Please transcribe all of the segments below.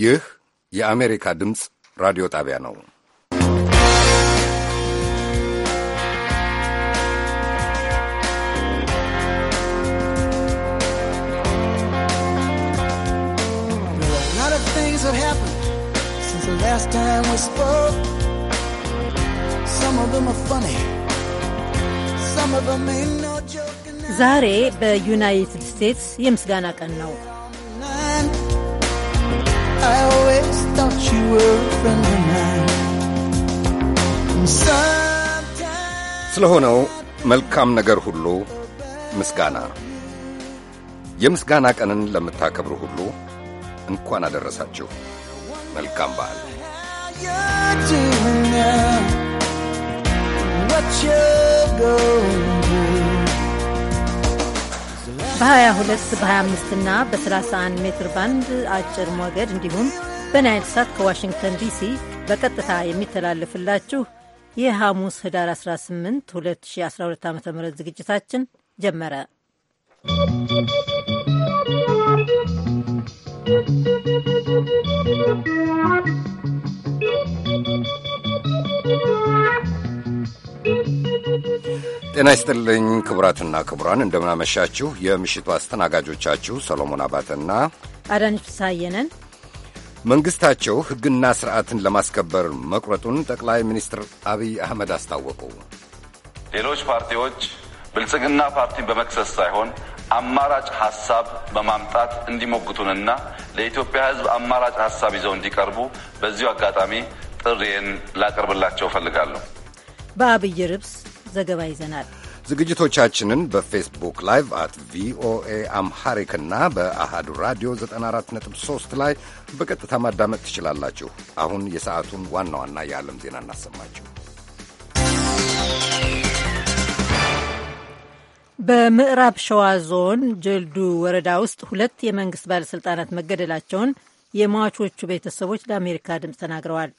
ይህ የአሜሪካ ድምፅ ራዲዮ ጣቢያ ነው። Last time we spoke, some of them are funny, some of them ain't no joke. ዛሬ በዩናይትድ ስቴትስ የምስጋና ቀን ነው። I always thought you were a friend of mine. ስለሆነው መልካም ነገር ሁሉ ምስጋና የምስጋና ቀንን ለምታከብሩ ሁሉ እንኳን አደረሳችሁ። መልካም በዓል። What you go በ22 በ25 እና በ31 ሜትር ባንድ አጭር ሞገድ እንዲሁም በናይል ሳት ከዋሽንግተን ዲሲ በቀጥታ የሚተላለፍላችሁ የሐሙስ ህዳር 18 2012 ዓ ም ዝግጅታችን ጀመረ። ¶¶ ጤና ይስጥልኝ ክቡራትና ክቡራን፣ እንደምናመሻችሁ። የምሽቱ አስተናጋጆቻችሁ ሰሎሞን አባተና አዳነች ሳየነን። መንግሥታቸው ሕግና ሥርዓትን ለማስከበር መቁረጡን ጠቅላይ ሚኒስትር አብይ አህመድ አስታወቁ። ሌሎች ፓርቲዎች ብልጽግና ፓርቲን በመክሰስ ሳይሆን አማራጭ ሐሳብ በማምጣት እንዲሞግቱንና ለኢትዮጵያ ሕዝብ አማራጭ ሐሳብ ይዘው እንዲቀርቡ በዚሁ አጋጣሚ ጥሪዬን ላቀርብላቸው እፈልጋለሁ። በአብይ ርብስ ዘገባ ይዘናል። ዝግጅቶቻችንን በፌስቡክ ላይቭ አት ቪኦኤ አምሐሪክ እና በአሃዱ ራዲዮ 94.3 ላይ በቀጥታ ማዳመጥ ትችላላችሁ። አሁን የሰዓቱን ዋና ዋና የዓለም ዜና እናሰማችሁ። በምዕራብ ሸዋ ዞን ጀልዱ ወረዳ ውስጥ ሁለት የመንግሥት ባለሥልጣናት መገደላቸውን የሟቾቹ ቤተሰቦች ለአሜሪካ ድምፅ ተናግረዋል።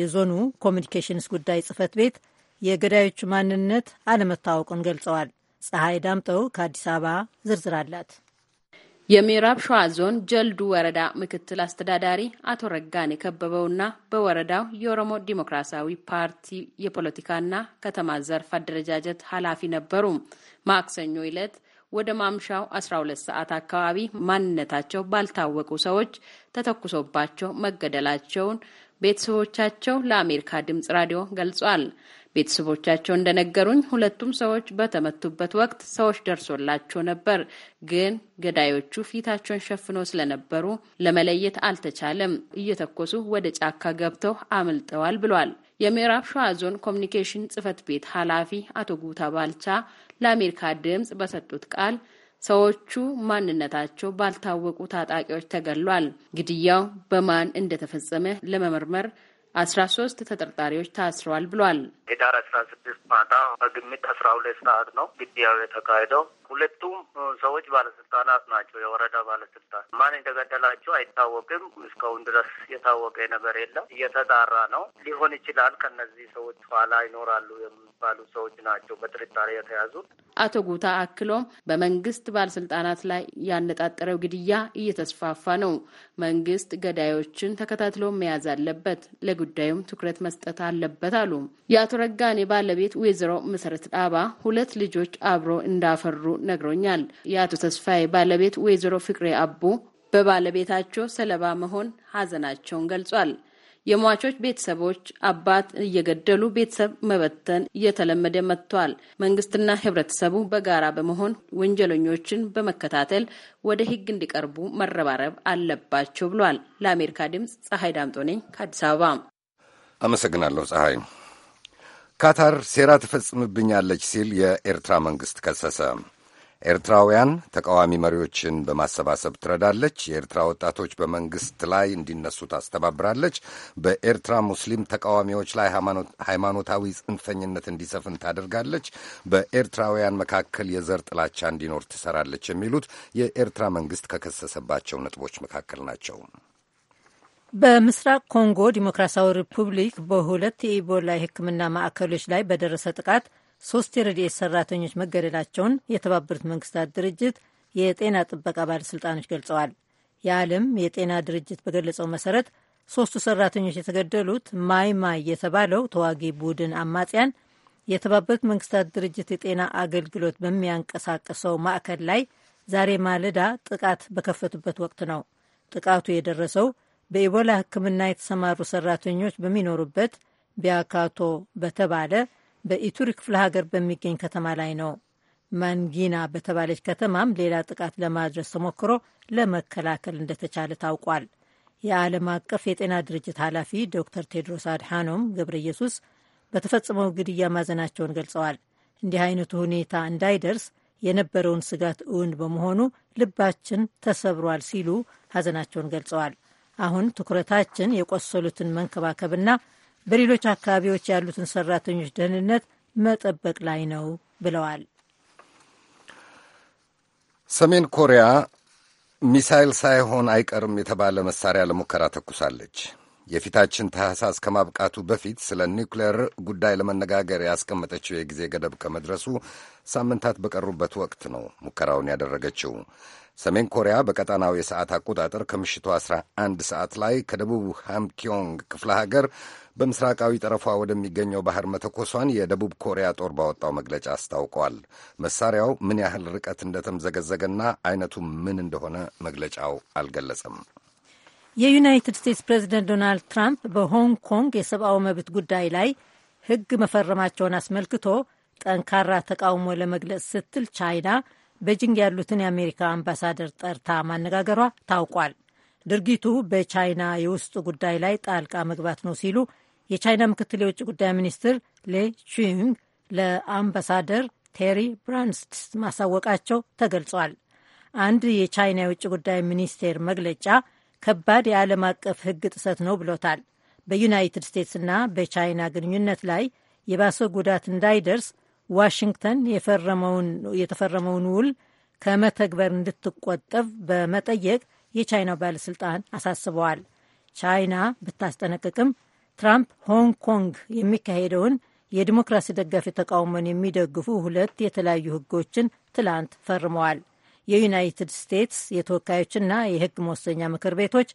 የዞኑ ኮሚኒኬሽንስ ጉዳይ ጽህፈት ቤት የገዳዮቹ ማንነት አለመታወቁን ገልጸዋል። ፀሐይ ዳምጠው ከአዲስ አበባ ዝርዝር አላት። የምዕራብ ሸዋ ዞን ጀልዱ ወረዳ ምክትል አስተዳዳሪ አቶ ረጋን የከበበውና በወረዳው የኦሮሞ ዲሞክራሲያዊ ፓርቲ የፖለቲካና ከተማ ዘርፍ አደረጃጀት ኃላፊ ነበሩ። ማክሰኞ ዕለት ወደ ማምሻው 12 ሰዓት አካባቢ ማንነታቸው ባልታወቁ ሰዎች ተተኩሶባቸው መገደላቸውን ቤተሰቦቻቸው ለአሜሪካ ድምጽ ራዲዮ ገልጿል። ቤተሰቦቻቸው እንደነገሩኝ ሁለቱም ሰዎች በተመቱበት ወቅት ሰዎች ደርሶላቸው ነበር፣ ግን ገዳዮቹ ፊታቸውን ሸፍነው ስለነበሩ ለመለየት አልተቻለም። እየተኮሱ ወደ ጫካ ገብተው አምልጠዋል ብሏል። የምዕራብ ሸዋ ዞን ኮሚኒኬሽን ጽህፈት ቤት ኃላፊ አቶ ጉታ ባልቻ ለአሜሪካ ድምፅ በሰጡት ቃል ሰዎቹ ማንነታቸው ባልታወቁ ታጣቂዎች ተገሏል። ግድያው በማን እንደተፈጸመ ለመመርመር አስራ ሶስት ተጠርጣሪዎች ታስረዋል ብሏል። ሄዳር አስራ ስድስት ማታ በግምት አስራ ሁለት ሰዓት ነው ግድያው የተካሄደው። ሁለቱም ሰዎች ባለስልጣናት ናቸው። የወረዳ ባለስልጣን ማን እንደገደላቸው አይታወቅም። እስካሁን ድረስ የታወቀ ነገር የለም። እየተጣራ ነው። ሊሆን ይችላል ከነዚህ ሰዎች ኋላ ይኖራሉ የሚባሉ ሰዎች ናቸው በጥርጣሬ የተያዙት። አቶ ጉታ አክሎም በመንግስት ባለስልጣናት ላይ ያነጣጠረው ግድያ እየተስፋፋ ነው። መንግስት ገዳዮችን ተከታትሎ መያዝ አለበት፣ ለጉዳዩም ትኩረት መስጠት አለበት አሉ። የአቶ ረጋኔ ባለቤት ወይዘሮ መሰረት ዳባ ሁለት ልጆች አብሮ እንዳፈሩ ነግሮኛል። የአቶ ተስፋዬ ባለቤት ወይዘሮ ፍቅሬ አቦ በባለቤታቸው ሰለባ መሆን ሀዘናቸውን ገልጿል። የሟቾች ቤተሰቦች አባት እየገደሉ ቤተሰብ መበተን እየተለመደ መጥቷል። መንግስትና ህብረተሰቡ በጋራ በመሆን ወንጀለኞችን በመከታተል ወደ ህግ እንዲቀርቡ መረባረብ አለባቸው ብሏል። ለአሜሪካ ድምፅ ፀሐይ ዳምጦ ነኝ ከአዲስ አበባ አመሰግናለሁ። ፀሐይ። ካታር ሴራ ትፈጽምብኛለች ሲል የኤርትራ መንግስት ከሰሰ። ኤርትራውያን ተቃዋሚ መሪዎችን በማሰባሰብ ትረዳለች። የኤርትራ ወጣቶች በመንግስት ላይ እንዲነሱ ታስተባብራለች። በኤርትራ ሙስሊም ተቃዋሚዎች ላይ ሃይማኖታዊ ጽንፈኝነት እንዲሰፍን ታደርጋለች። በኤርትራውያን መካከል የዘር ጥላቻ እንዲኖር ትሰራለች የሚሉት የኤርትራ መንግስት ከከሰሰባቸው ነጥቦች መካከል ናቸው። በምስራቅ ኮንጎ ዲሞክራሲያዊ ሪፑብሊክ በሁለት የኢቦላ የሕክምና ማዕከሎች ላይ በደረሰ ጥቃት ሶስት የረድኤት ሰራተኞች መገደላቸውን የተባበሩት መንግስታት ድርጅት የጤና ጥበቃ ባለሥልጣኖች ገልጸዋል። የዓለም የጤና ድርጅት በገለጸው መሠረት ሦስቱ ሰራተኞች የተገደሉት ማይ ማይ የተባለው ተዋጊ ቡድን አማጽያን የተባበሩት መንግስታት ድርጅት የጤና አገልግሎት በሚያንቀሳቅሰው ማዕከል ላይ ዛሬ ማለዳ ጥቃት በከፈቱበት ወቅት ነው። ጥቃቱ የደረሰው በኢቦላ ሕክምና የተሰማሩ ሰራተኞች በሚኖሩበት ቢያካቶ በተባለ በኢቱሪ ክፍለ ሀገር በሚገኝ ከተማ ላይ ነው። ማንጊና በተባለች ከተማም ሌላ ጥቃት ለማድረስ ተሞክሮ ለመከላከል እንደተቻለ ታውቋል። የዓለም አቀፍ የጤና ድርጅት ኃላፊ ዶክተር ቴድሮስ አድሓኖም ገብረ ኢየሱስ በተፈጸመው ግድያ ማዘናቸውን ገልጸዋል። እንዲህ አይነቱ ሁኔታ እንዳይደርስ የነበረውን ስጋት እውን በመሆኑ ልባችን ተሰብሯል ሲሉ ሀዘናቸውን ገልጸዋል። አሁን ትኩረታችን የቆሰሉትን መንከባከብና በሌሎች አካባቢዎች ያሉትን ሰራተኞች ደህንነት መጠበቅ ላይ ነው ብለዋል። ሰሜን ኮሪያ ሚሳይል ሳይሆን አይቀርም የተባለ መሳሪያ ለሙከራ ተኩሳለች። የፊታችን ታህሳስ ከማብቃቱ በፊት ስለ ኒውክሌር ጉዳይ ለመነጋገር ያስቀመጠችው የጊዜ ገደብ ከመድረሱ ሳምንታት በቀሩበት ወቅት ነው ሙከራውን ያደረገችው። ሰሜን ኮሪያ በቀጠናው የሰዓት አቆጣጠር ከምሽቱ 11 ሰዓት ላይ ከደቡብ ሃምኪዮንግ ክፍለ ሀገር በምስራቃዊ ጠረፏ ወደሚገኘው ባህር መተኮሷን የደቡብ ኮሪያ ጦር ባወጣው መግለጫ አስታውቋል። መሳሪያው ምን ያህል ርቀት እንደተምዘገዘገና አይነቱ ምን እንደሆነ መግለጫው አልገለጸም። የዩናይትድ ስቴትስ ፕሬዚደንት ዶናልድ ትራምፕ በሆንግ ኮንግ የሰብአዊ መብት ጉዳይ ላይ ሕግ መፈረማቸውን አስመልክቶ ጠንካራ ተቃውሞ ለመግለጽ ስትል ቻይና በጅንግ ያሉትን የአሜሪካ አምባሳደር ጠርታ ማነጋገሯ ታውቋል። ድርጊቱ በቻይና የውስጥ ጉዳይ ላይ ጣልቃ መግባት ነው ሲሉ የቻይና ምክትል የውጭ ጉዳይ ሚኒስትር ሌ ቹንግ ለአምባሳደር ቴሪ ብራንስት ማሳወቃቸው ተገልጿል። አንድ የቻይና የውጭ ጉዳይ ሚኒስቴር መግለጫ ከባድ የዓለም አቀፍ ሕግ ጥሰት ነው ብሎታል። በዩናይትድ ስቴትስና በቻይና ግንኙነት ላይ የባሰ ጉዳት እንዳይደርስ ዋሽንግተን የተፈረመውን ውል ከመተግበር እንድትቆጠብ በመጠየቅ የቻይናው ባለሥልጣን አሳስበዋል። ቻይና ብታስጠነቅቅም ትራምፕ ሆንግ ኮንግ የሚካሄደውን የዲሞክራሲ ደጋፊ ተቃውሞን የሚደግፉ ሁለት የተለያዩ ሕጎችን ትላንት ፈርመዋል። የዩናይትድ ስቴትስ የተወካዮችና የሕግ መወሰኛ ምክር ቤቶች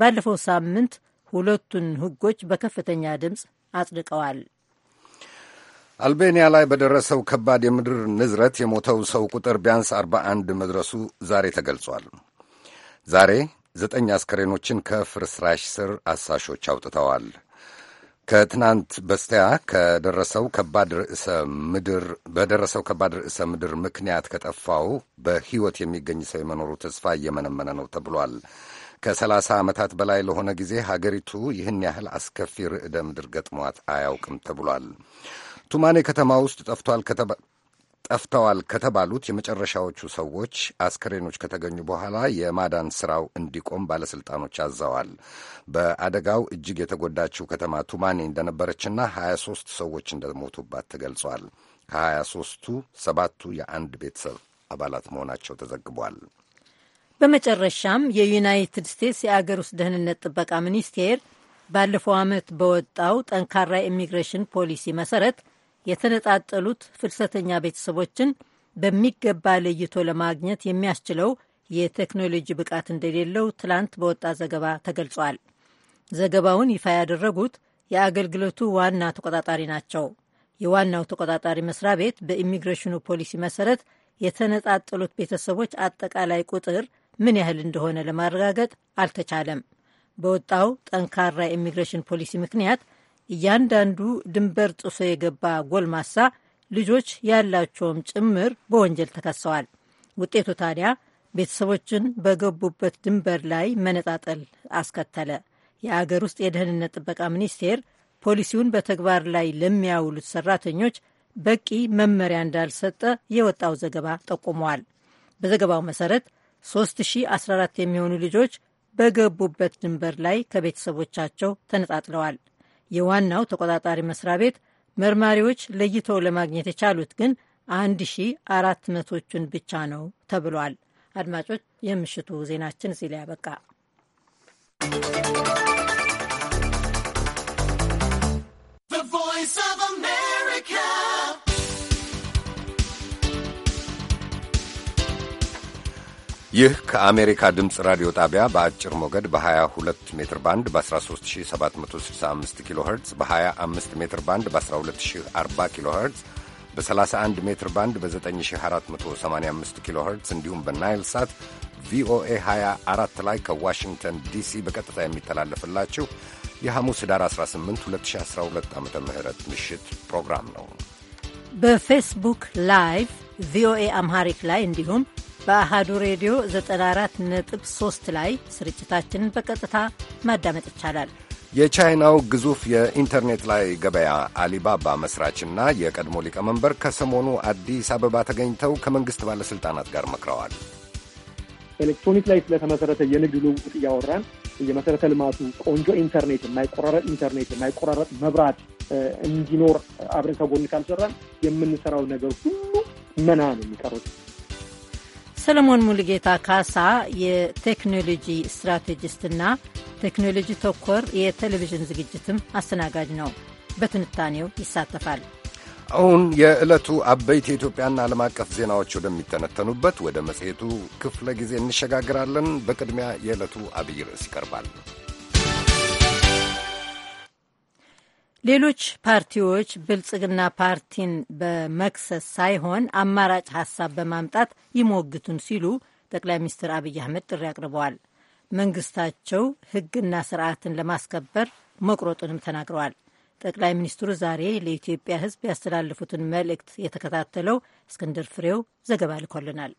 ባለፈው ሳምንት ሁለቱን ሕጎች በከፍተኛ ድምፅ አጽድቀዋል። አልቤኒያ ላይ በደረሰው ከባድ የምድር ንዝረት የሞተው ሰው ቁጥር ቢያንስ 41 መድረሱ ዛሬ ተገልጿል። ዛሬ ዘጠኝ አስከሬኖችን ከፍርስራሽ ስር አሳሾች አውጥተዋል። ከትናንት በስቲያ ከደረሰው ከባድ ርዕሰ ምድር በደረሰው ከባድ ርዕሰ ምድር ምክንያት ከጠፋው በሕይወት የሚገኝ ሰው የመኖሩ ተስፋ እየመነመነ ነው ተብሏል። ከሰላሳ ዓመታት በላይ ለሆነ ጊዜ ሀገሪቱ ይህን ያህል አስከፊ ርዕደ ምድር ገጥሟት አያውቅም ተብሏል። ቱማኔ ከተማ ውስጥ ጠፍቷል ጠፍተዋል ከተባሉት የመጨረሻዎቹ ሰዎች አስከሬኖች ከተገኙ በኋላ የማዳን ስራው እንዲቆም ባለሥልጣኖች አዘዋል። በአደጋው እጅግ የተጎዳችው ከተማ ቱማኔ እንደነበረችና 23 ሰዎች እንደሞቱባት ተገልጿል። ከ23ቱ ሰባቱ የአንድ ቤተሰብ አባላት መሆናቸው ተዘግቧል። በመጨረሻም የዩናይትድ ስቴትስ የአገር ውስጥ ደህንነት ጥበቃ ሚኒስቴር ባለፈው ዓመት በወጣው ጠንካራ ኢሚግሬሽን ፖሊሲ መሰረት የተነጣጠሉት ፍልሰተኛ ቤተሰቦችን በሚገባ ለይቶ ለማግኘት የሚያስችለው የቴክኖሎጂ ብቃት እንደሌለው ትላንት በወጣ ዘገባ ተገልጿል። ዘገባውን ይፋ ያደረጉት የአገልግሎቱ ዋና ተቆጣጣሪ ናቸው። የዋናው ተቆጣጣሪ መስሪያ ቤት በኢሚግሬሽኑ ፖሊሲ መሰረት የተነጣጠሉት ቤተሰቦች አጠቃላይ ቁጥር ምን ያህል እንደሆነ ለማረጋገጥ አልተቻለም። በወጣው ጠንካራ የኢሚግሬሽን ፖሊሲ ምክንያት እያንዳንዱ ድንበር ጥሶ የገባ ጎልማሳ ልጆች ያላቸውም ጭምር በወንጀል ተከሰዋል። ውጤቱ ታዲያ ቤተሰቦችን በገቡበት ድንበር ላይ መነጣጠል አስከተለ። የአገር ውስጥ የደህንነት ጥበቃ ሚኒስቴር ፖሊሲውን በተግባር ላይ ለሚያውሉት ሰራተኞች በቂ መመሪያ እንዳልሰጠ የወጣው ዘገባ ጠቁመዋል። በዘገባው መሰረት 3014 የሚሆኑ ልጆች በገቡበት ድንበር ላይ ከቤተሰቦቻቸው ተነጣጥለዋል። የዋናው ተቆጣጣሪ መስሪያ ቤት መርማሪዎች ለይተው ለማግኘት የቻሉት ግን አራት መቶቹን ብቻ ነው ተብሏል። አድማጮች፣ የምሽቱ ዜናችን እዚህ ላይ ያበቃ። ይህ ከአሜሪካ ድምፅ ራዲዮ ጣቢያ በአጭር ሞገድ በ22 ሜትር ባንድ በ13765 ኪሎ ኸርትዝ በ25 ሜትር ባንድ በ1240 ኪሎ ኸርትዝ በ31 ሜትር ባንድ በ9485 ኪሎ ኸርትዝ እንዲሁም በናይል ሳት ቪኦኤ 24 ላይ ከዋሽንግተን ዲሲ በቀጥታ የሚተላለፍላችሁ የሐሙስ ኅዳር 18 2012 ዓ ም ምሽት ፕሮግራም ነው። በፌስቡክ ላይቭ ቪኦኤ አምሃሪክ ላይ እንዲሁም በአሃዱ ሬዲዮ ነጥብ 3 ላይ ስርጭታችንን በቀጥታ ማዳመጥ ይቻላል። የቻይናው ግዙፍ የኢንተርኔት ላይ ገበያ አሊባባ መስራችና የቀድሞ ሊቀመንበር ከሰሞኑ አዲስ አበባ ተገኝተው ከመንግሥት ባለሥልጣናት ጋር መክረዋል። ኤሌክትሮኒክ ላይ ስለተመሰረተ የንግድ ልውውጥ እያወራን የመሰረተ ልማቱ ቆንጆ ኢንተርኔት፣ የማይቆራረጥ ኢንተርኔት፣ የማይቆራረጥ መብራት እንዲኖር አብረን ከጎን ካልሰራን የምንሰራው ነገር ሁሉ መና ነው የሚቀሩት። ሰለሞን ሙሉጌታ ካሳ የቴክኖሎጂ ስትራቴጂስትና ቴክኖሎጂ ተኮር የቴሌቪዥን ዝግጅትም አስተናጋጅ ነው። በትንታኔው ይሳተፋል። አሁን የዕለቱ አበይት የኢትዮጵያና ዓለም አቀፍ ዜናዎች ወደሚተነተኑበት ወደ መጽሔቱ ክፍለ ጊዜ እንሸጋግራለን። በቅድሚያ የዕለቱ አብይ ርዕስ ይቀርባል። ሌሎች ፓርቲዎች ብልጽግና ፓርቲን በመክሰስ ሳይሆን አማራጭ ሀሳብ በማምጣት ይሞግቱን ሲሉ ጠቅላይ ሚኒስትር አብይ አህመድ ጥሪ አቅርበዋል። መንግስታቸው ሕግና ስርዓትን ለማስከበር መቁረጡንም ተናግረዋል። ጠቅላይ ሚኒስትሩ ዛሬ ለኢትዮጵያ ሕዝብ ያስተላለፉትን መልእክት የተከታተለው እስክንድር ፍሬው ዘገባ ልኮልናል።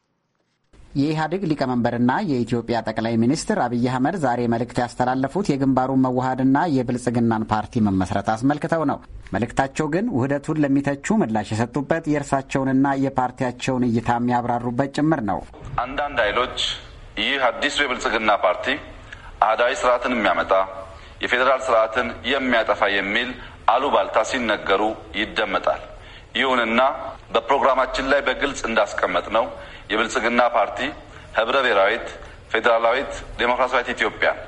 የኢህአዴግ ሊቀመንበርና የኢትዮጵያ ጠቅላይ ሚኒስትር አብይ አህመድ ዛሬ መልእክት ያስተላለፉት የግንባሩን መዋሃድና የብልጽግናን ፓርቲ መመስረት አስመልክተው ነው። መልእክታቸው ግን ውህደቱን ለሚተቹ ምላሽ የሰጡበት የእርሳቸውንና የፓርቲያቸውን እይታ የሚያብራሩበት ጭምር ነው። አንዳንድ ኃይሎች ይህ አዲሱ የብልጽግና ፓርቲ አህዳዊ ስርዓትን የሚያመጣ የፌዴራል ስርዓትን የሚያጠፋ የሚል አሉባልታ ሲነገሩ ይደመጣል። ይሁንና በፕሮግራማችን ላይ በግልጽ እንዳስቀመጥ ነው የብልጽግና ፓርቲ ህብረ ብሔራዊት ፌዴራላዊት ዴሞክራሲያዊት ኢትዮጵያን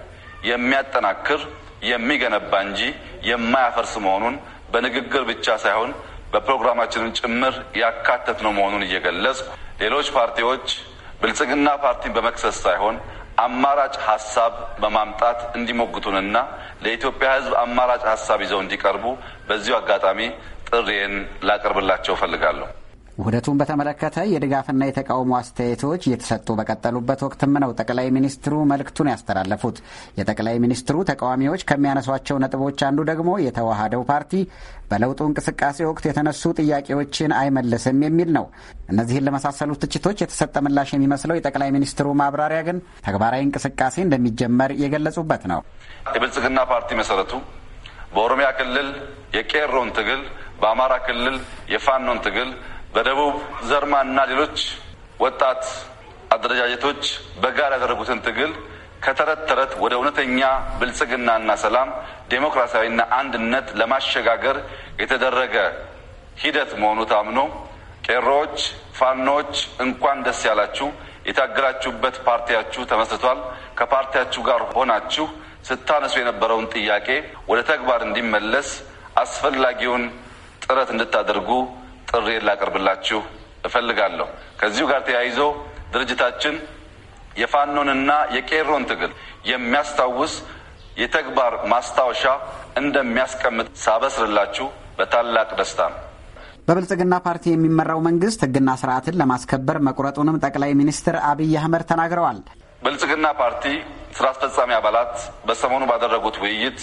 የሚያጠናክር የሚገነባ እንጂ የማያፈርስ መሆኑን በንግግር ብቻ ሳይሆን በፕሮግራማችንም ጭምር ያካተት ነው መሆኑን እየገለጽኩ ሌሎች ፓርቲዎች ብልጽግና ፓርቲን በመክሰስ ሳይሆን አማራጭ ሀሳብ በማምጣት እንዲሞግቱንና ለኢትዮጵያ ህዝብ አማራጭ ሀሳብ ይዘው እንዲቀርቡ በዚሁ አጋጣሚ ጥሪን ላቀርብላቸው እፈልጋለሁ። ውህደቱን በተመለከተ የድጋፍና የተቃውሞ አስተያየቶች እየተሰጡ በቀጠሉበት ወቅትም ነው ጠቅላይ ሚኒስትሩ መልእክቱን ያስተላለፉት። የጠቅላይ ሚኒስትሩ ተቃዋሚዎች ከሚያነሷቸው ነጥቦች አንዱ ደግሞ የተዋሃደው ፓርቲ በለውጡ እንቅስቃሴ ወቅት የተነሱ ጥያቄዎችን አይመልስም የሚል ነው። እነዚህን ለመሳሰሉት ትችቶች የተሰጠ ምላሽ የሚመስለው የጠቅላይ ሚኒስትሩ ማብራሪያ ግን ተግባራዊ እንቅስቃሴ እንደሚጀመር የገለጹበት ነው። የብልጽግና ፓርቲ መሰረቱ በኦሮሚያ ክልል የቄሮን ትግል በአማራ ክልል የፋኖን ትግል፣ በደቡብ ዘርማና ሌሎች ወጣት አደረጃጀቶች በጋራ ያደረጉትን ትግል ከተረት ተረት ወደ እውነተኛ ብልጽግናና ሰላም ዴሞክራሲያዊና አንድነት ለማሸጋገር የተደረገ ሂደት መሆኑ ታምኖ ቄሮዎች፣ ፋኖዎች እንኳን ደስ ያላችሁ። የታገላችሁበት ፓርቲያችሁ ተመስርቷል። ከፓርቲያችሁ ጋር ሆናችሁ ስታነሱ የነበረውን ጥያቄ ወደ ተግባር እንዲመለስ አስፈላጊውን ጥረት እንድታደርጉ ጥሪ ላቀርብላችሁ እፈልጋለሁ። ከዚሁ ጋር ተያይዞ ድርጅታችን የፋኖንና የቄሮን ትግል የሚያስታውስ የተግባር ማስታወሻ እንደሚያስቀምጥ ሳበስርላችሁ በታላቅ ደስታ ነው። በብልጽግና ፓርቲ የሚመራው መንግስት ህግና ስርዓትን ለማስከበር መቁረጡንም ጠቅላይ ሚኒስትር አብይ አህመድ ተናግረዋል። ብልጽግና ፓርቲ ስራ አስፈጻሚ አባላት በሰሞኑ ባደረጉት ውይይት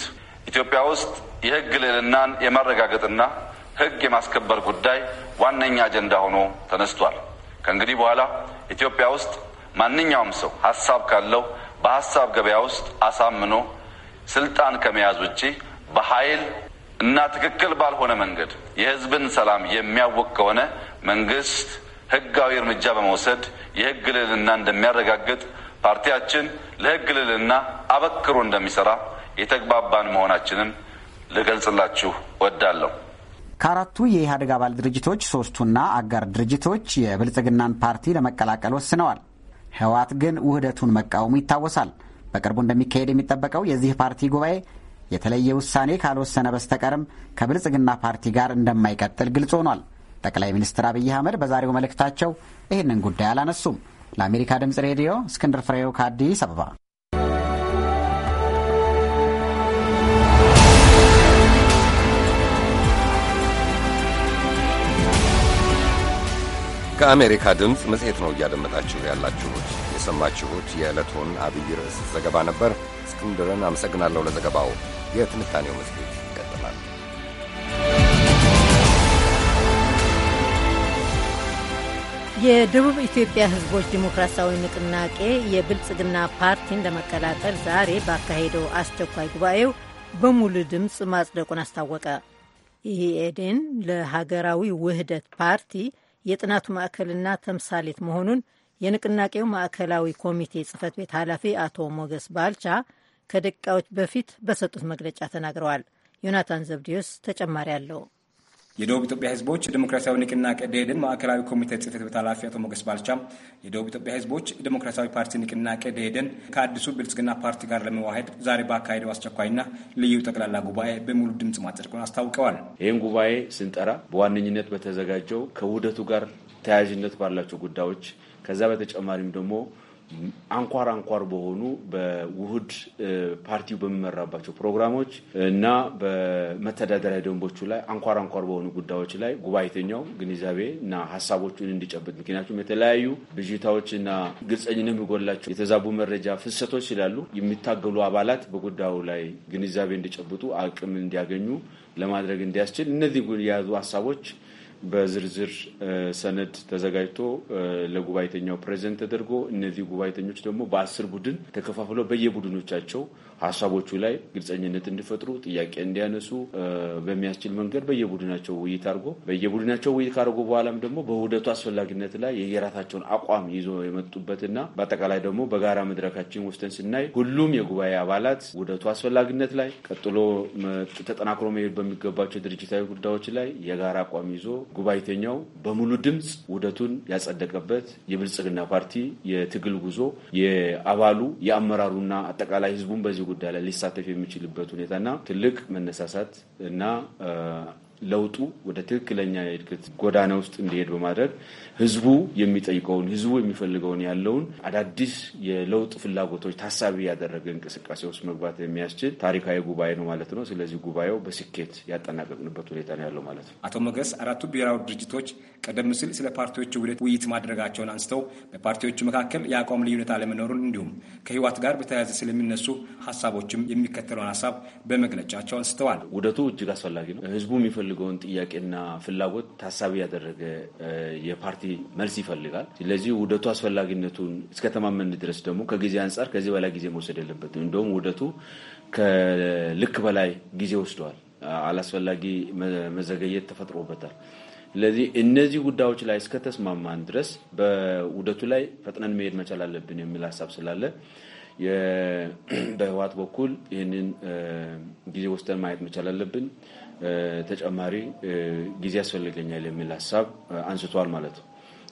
ኢትዮጵያ ውስጥ የህግ ልዕልናን የማረጋገጥና ህግ የማስከበር ጉዳይ ዋነኛ አጀንዳ ሆኖ ተነስቷል። ከእንግዲህ በኋላ ኢትዮጵያ ውስጥ ማንኛውም ሰው ሀሳብ ካለው በሀሳብ ገበያ ውስጥ አሳምኖ ስልጣን ከመያዝ ውጪ በኃይል እና ትክክል ባልሆነ መንገድ የህዝብን ሰላም የሚያውቅ ከሆነ መንግስት ህጋዊ እርምጃ በመውሰድ የህግ ልዕልና እንደሚያረጋግጥ ፓርቲያችን ለህግ ልዕልና አበክሮ እንደሚሰራ የተግባባን መሆናችንን ልገልጽላችሁ ወዳለሁ። ከአራቱ የኢህአዴግ አባል ድርጅቶች ሶስቱና አጋር ድርጅቶች የብልጽግናን ፓርቲ ለመቀላቀል ወስነዋል። ህወሓት ግን ውህደቱን መቃወሙ ይታወሳል። በቅርቡ እንደሚካሄድ የሚጠበቀው የዚህ ፓርቲ ጉባኤ የተለየ ውሳኔ ካልወሰነ በስተቀርም ከብልጽግና ፓርቲ ጋር እንደማይቀጥል ግልጽ ሆኗል። ጠቅላይ ሚኒስትር አብይ አህመድ በዛሬው መልእክታቸው ይህንን ጉዳይ አላነሱም። ለአሜሪካ ድምፅ ሬዲዮ እስክንድር ፍሬው ከአዲስ አበባ ከአሜሪካ ድምፅ መጽሔት ነው እያደመጣችሁ ያላችሁት። የሰማችሁት የዕለቱን አብይ ርዕስ ዘገባ ነበር። እስክንድርን አመሰግናለሁ ለዘገባው። የትንታኔው መጽሔት ይቀጥላል። የደቡብ ኢትዮጵያ ሕዝቦች ዲሞክራሲያዊ ንቅናቄ የብልጽግና ፓርቲን ለመቀላቀል ዛሬ ባካሄደው አስቸኳይ ጉባኤው በሙሉ ድምፅ ማጽደቁን አስታወቀ። ይህ ኤዴን ለሀገራዊ ውህደት ፓርቲ የጥናቱ ማዕከልና ተምሳሌት መሆኑን የንቅናቄው ማዕከላዊ ኮሚቴ ጽህፈት ቤት ኃላፊ አቶ ሞገስ ባልቻ ከደቂቃዎች በፊት በሰጡት መግለጫ ተናግረዋል። ዮናታን ዘብዲዮስ ተጨማሪ አለው። የደቡብ ኢትዮጵያ ህዝቦች ዴሞክራሲያዊ ንቅናቄ ደኢህዴን ማዕከላዊ ኮሚቴ ጽህፈት ቤት ኃላፊ አቶ ሞገስ ባልቻ የደቡብ ኢትዮጵያ ህዝቦች ዴሞክራሲያዊ ፓርቲ ንቅናቄ ደኢህዴን ከአዲሱ ብልጽግና ፓርቲ ጋር ለመዋሄድ ዛሬ በአካሄደው አስቸኳይና ልዩ ጠቅላላ ጉባኤ በሙሉ ድምፅ ማጽደቁን አስታውቀዋል። ይህን ጉባኤ ስንጠራ በዋነኝነት በተዘጋጀው ከውህደቱ ጋር ተያያዥነት ባላቸው ጉዳዮች ከዛ በተጨማሪም ደግሞ አንኳር አንኳር በሆኑ በውህድ ፓርቲው በሚመራባቸው ፕሮግራሞች እና በመተዳደሪያ ደንቦቹ ላይ አንኳር አንኳር በሆኑ ጉዳዮች ላይ ጉባኤተኛው ግንዛቤ እና ሀሳቦቹን እንዲጨብጥ ምክንያቱም የተለያዩ ብዥታዎች እና ግልጸኝነት የሚጎላቸው የተዛቡ መረጃ ፍሰቶች ስላሉ የሚታገሉ አባላት በጉዳዩ ላይ ግንዛቤ እንዲጨብጡ አቅም እንዲያገኙ ለማድረግ እንዲያስችል እነዚህ የያዙ ሀሳቦች በዝርዝር ሰነድ ተዘጋጅቶ ለጉባኤተኛው ፕሬዘንት ተደርጎ እነዚህ ጉባኤተኞች ደግሞ በአስር ቡድን ተከፋፍለው በየቡድኖቻቸው ሀሳቦቹ ላይ ግልጸኝነት እንዲፈጥሩ፣ ጥያቄ እንዲያነሱ በሚያስችል መንገድ በየቡድናቸው ውይይት አድርጎ በየቡድናቸው ውይይት ካርጎ በኋላም ደግሞ በውህደቱ አስፈላጊነት ላይ የየራሳቸውን አቋም ይዞ የመጡበትና በአጠቃላይ ደግሞ በጋራ መድረካችን ውስጥን ስናይ ሁሉም የጉባኤ አባላት ውህደቱ አስፈላጊነት ላይ ቀጥሎ ተጠናክሮ መሄድ በሚገባቸው ድርጅታዊ ጉዳዮች ላይ የጋራ አቋም ይዞ ጉባኤተኛው በሙሉ ድምፅ ውህደቱን ያጸደቀበት የብልጽግና ፓርቲ የትግል ጉዞ የአባሉ የአመራሩና አጠቃላይ ህዝቡን በዚህ በዚህ ጉዳይ ላይ ሊሳተፍ የሚችልበት ሁኔታና ትልቅ መነሳሳት እና ለውጡ ወደ ትክክለኛ የእድገት ጎዳና ውስጥ እንዲሄድ በማድረግ ህዝቡ የሚጠይቀውን ህዝቡ የሚፈልገውን ያለውን አዳዲስ የለውጥ ፍላጎቶች ታሳቢ ያደረገ እንቅስቃሴ ውስጥ መግባት የሚያስችል ታሪካዊ ጉባኤ ነው ማለት ነው። ስለዚህ ጉባኤው በስኬት ያጠናቀቅንበት ሁኔታ ነው ያለው ማለት ነው። አቶ መገስ አራቱ ብሔራዊ ድርጅቶች ቀደም ሲል ስለ ፓርቲዎቹ ውህደት ውይይት ማድረጋቸውን አንስተው በፓርቲዎቹ መካከል የአቋም ልዩነት አለመኖሩን እንዲሁም ከህወሓት ጋር በተያያዘ ስለሚነሱ ሀሳቦችም የሚከተለውን ሀሳብ በመግለጫቸው አንስተዋል። ውህደቱ እጅግ አስፈላጊ ነው። ህዝቡ የሚፈልገውን ጥያቄና ፍላጎት ታሳቢ ያደረገ የፓርቲ መልስ ይፈልጋል። ስለዚህ ውህደቱ አስፈላጊነቱን እስከተማመን ድረስ ደግሞ ከጊዜ አንጻር ከዚህ በላይ ጊዜ መውሰድ የለበትም። እንደውም ውህደቱ ከልክ በላይ ጊዜ ወስደዋል። አላስፈላጊ መዘገየት ተፈጥሮበታል። ስለዚህ እነዚህ ጉዳዮች ላይ እስከተስማማን ድረስ በውህደቱ ላይ ፈጥነን መሄድ መቻል አለብን የሚል ሀሳብ ስላለ በህወሓት በኩል ይህንን ጊዜ ወስደን ማየት መቻል አለብን። ተጨማሪ ጊዜ ያስፈልገኛል የሚል ሀሳብ አንስቷል ማለት ነው።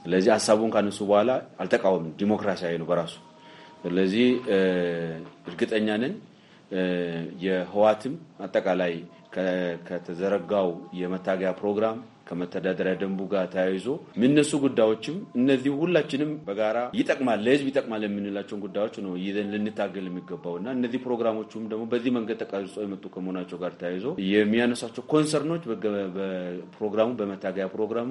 ስለዚህ ሀሳቡን ካነሱ በኋላ አልተቃወምም። ዲሞክራሲያዊ ነው በራሱ። ስለዚህ እርግጠኛ ነን የህዋትም አጠቃላይ ከተዘረጋው የመታገያ ፕሮግራም ከመተዳደሪያ ደንቡ ጋር ተያይዞ የሚነሱ ጉዳዮችም እነዚህ ሁላችንም በጋራ ይጠቅማል፣ ለህዝብ ይጠቅማል የምንላቸውን ጉዳዮች ነው ይዘን ልንታገል የሚገባው እና እነዚህ ፕሮግራሞቹም ደግሞ በዚህ መንገድ ተቀርጾ የመጡ ከመሆናቸው ጋር ተያይዞ የሚያነሳቸው ኮንሰርኖች በፕሮግራሙ በመታገያ ፕሮግራሙ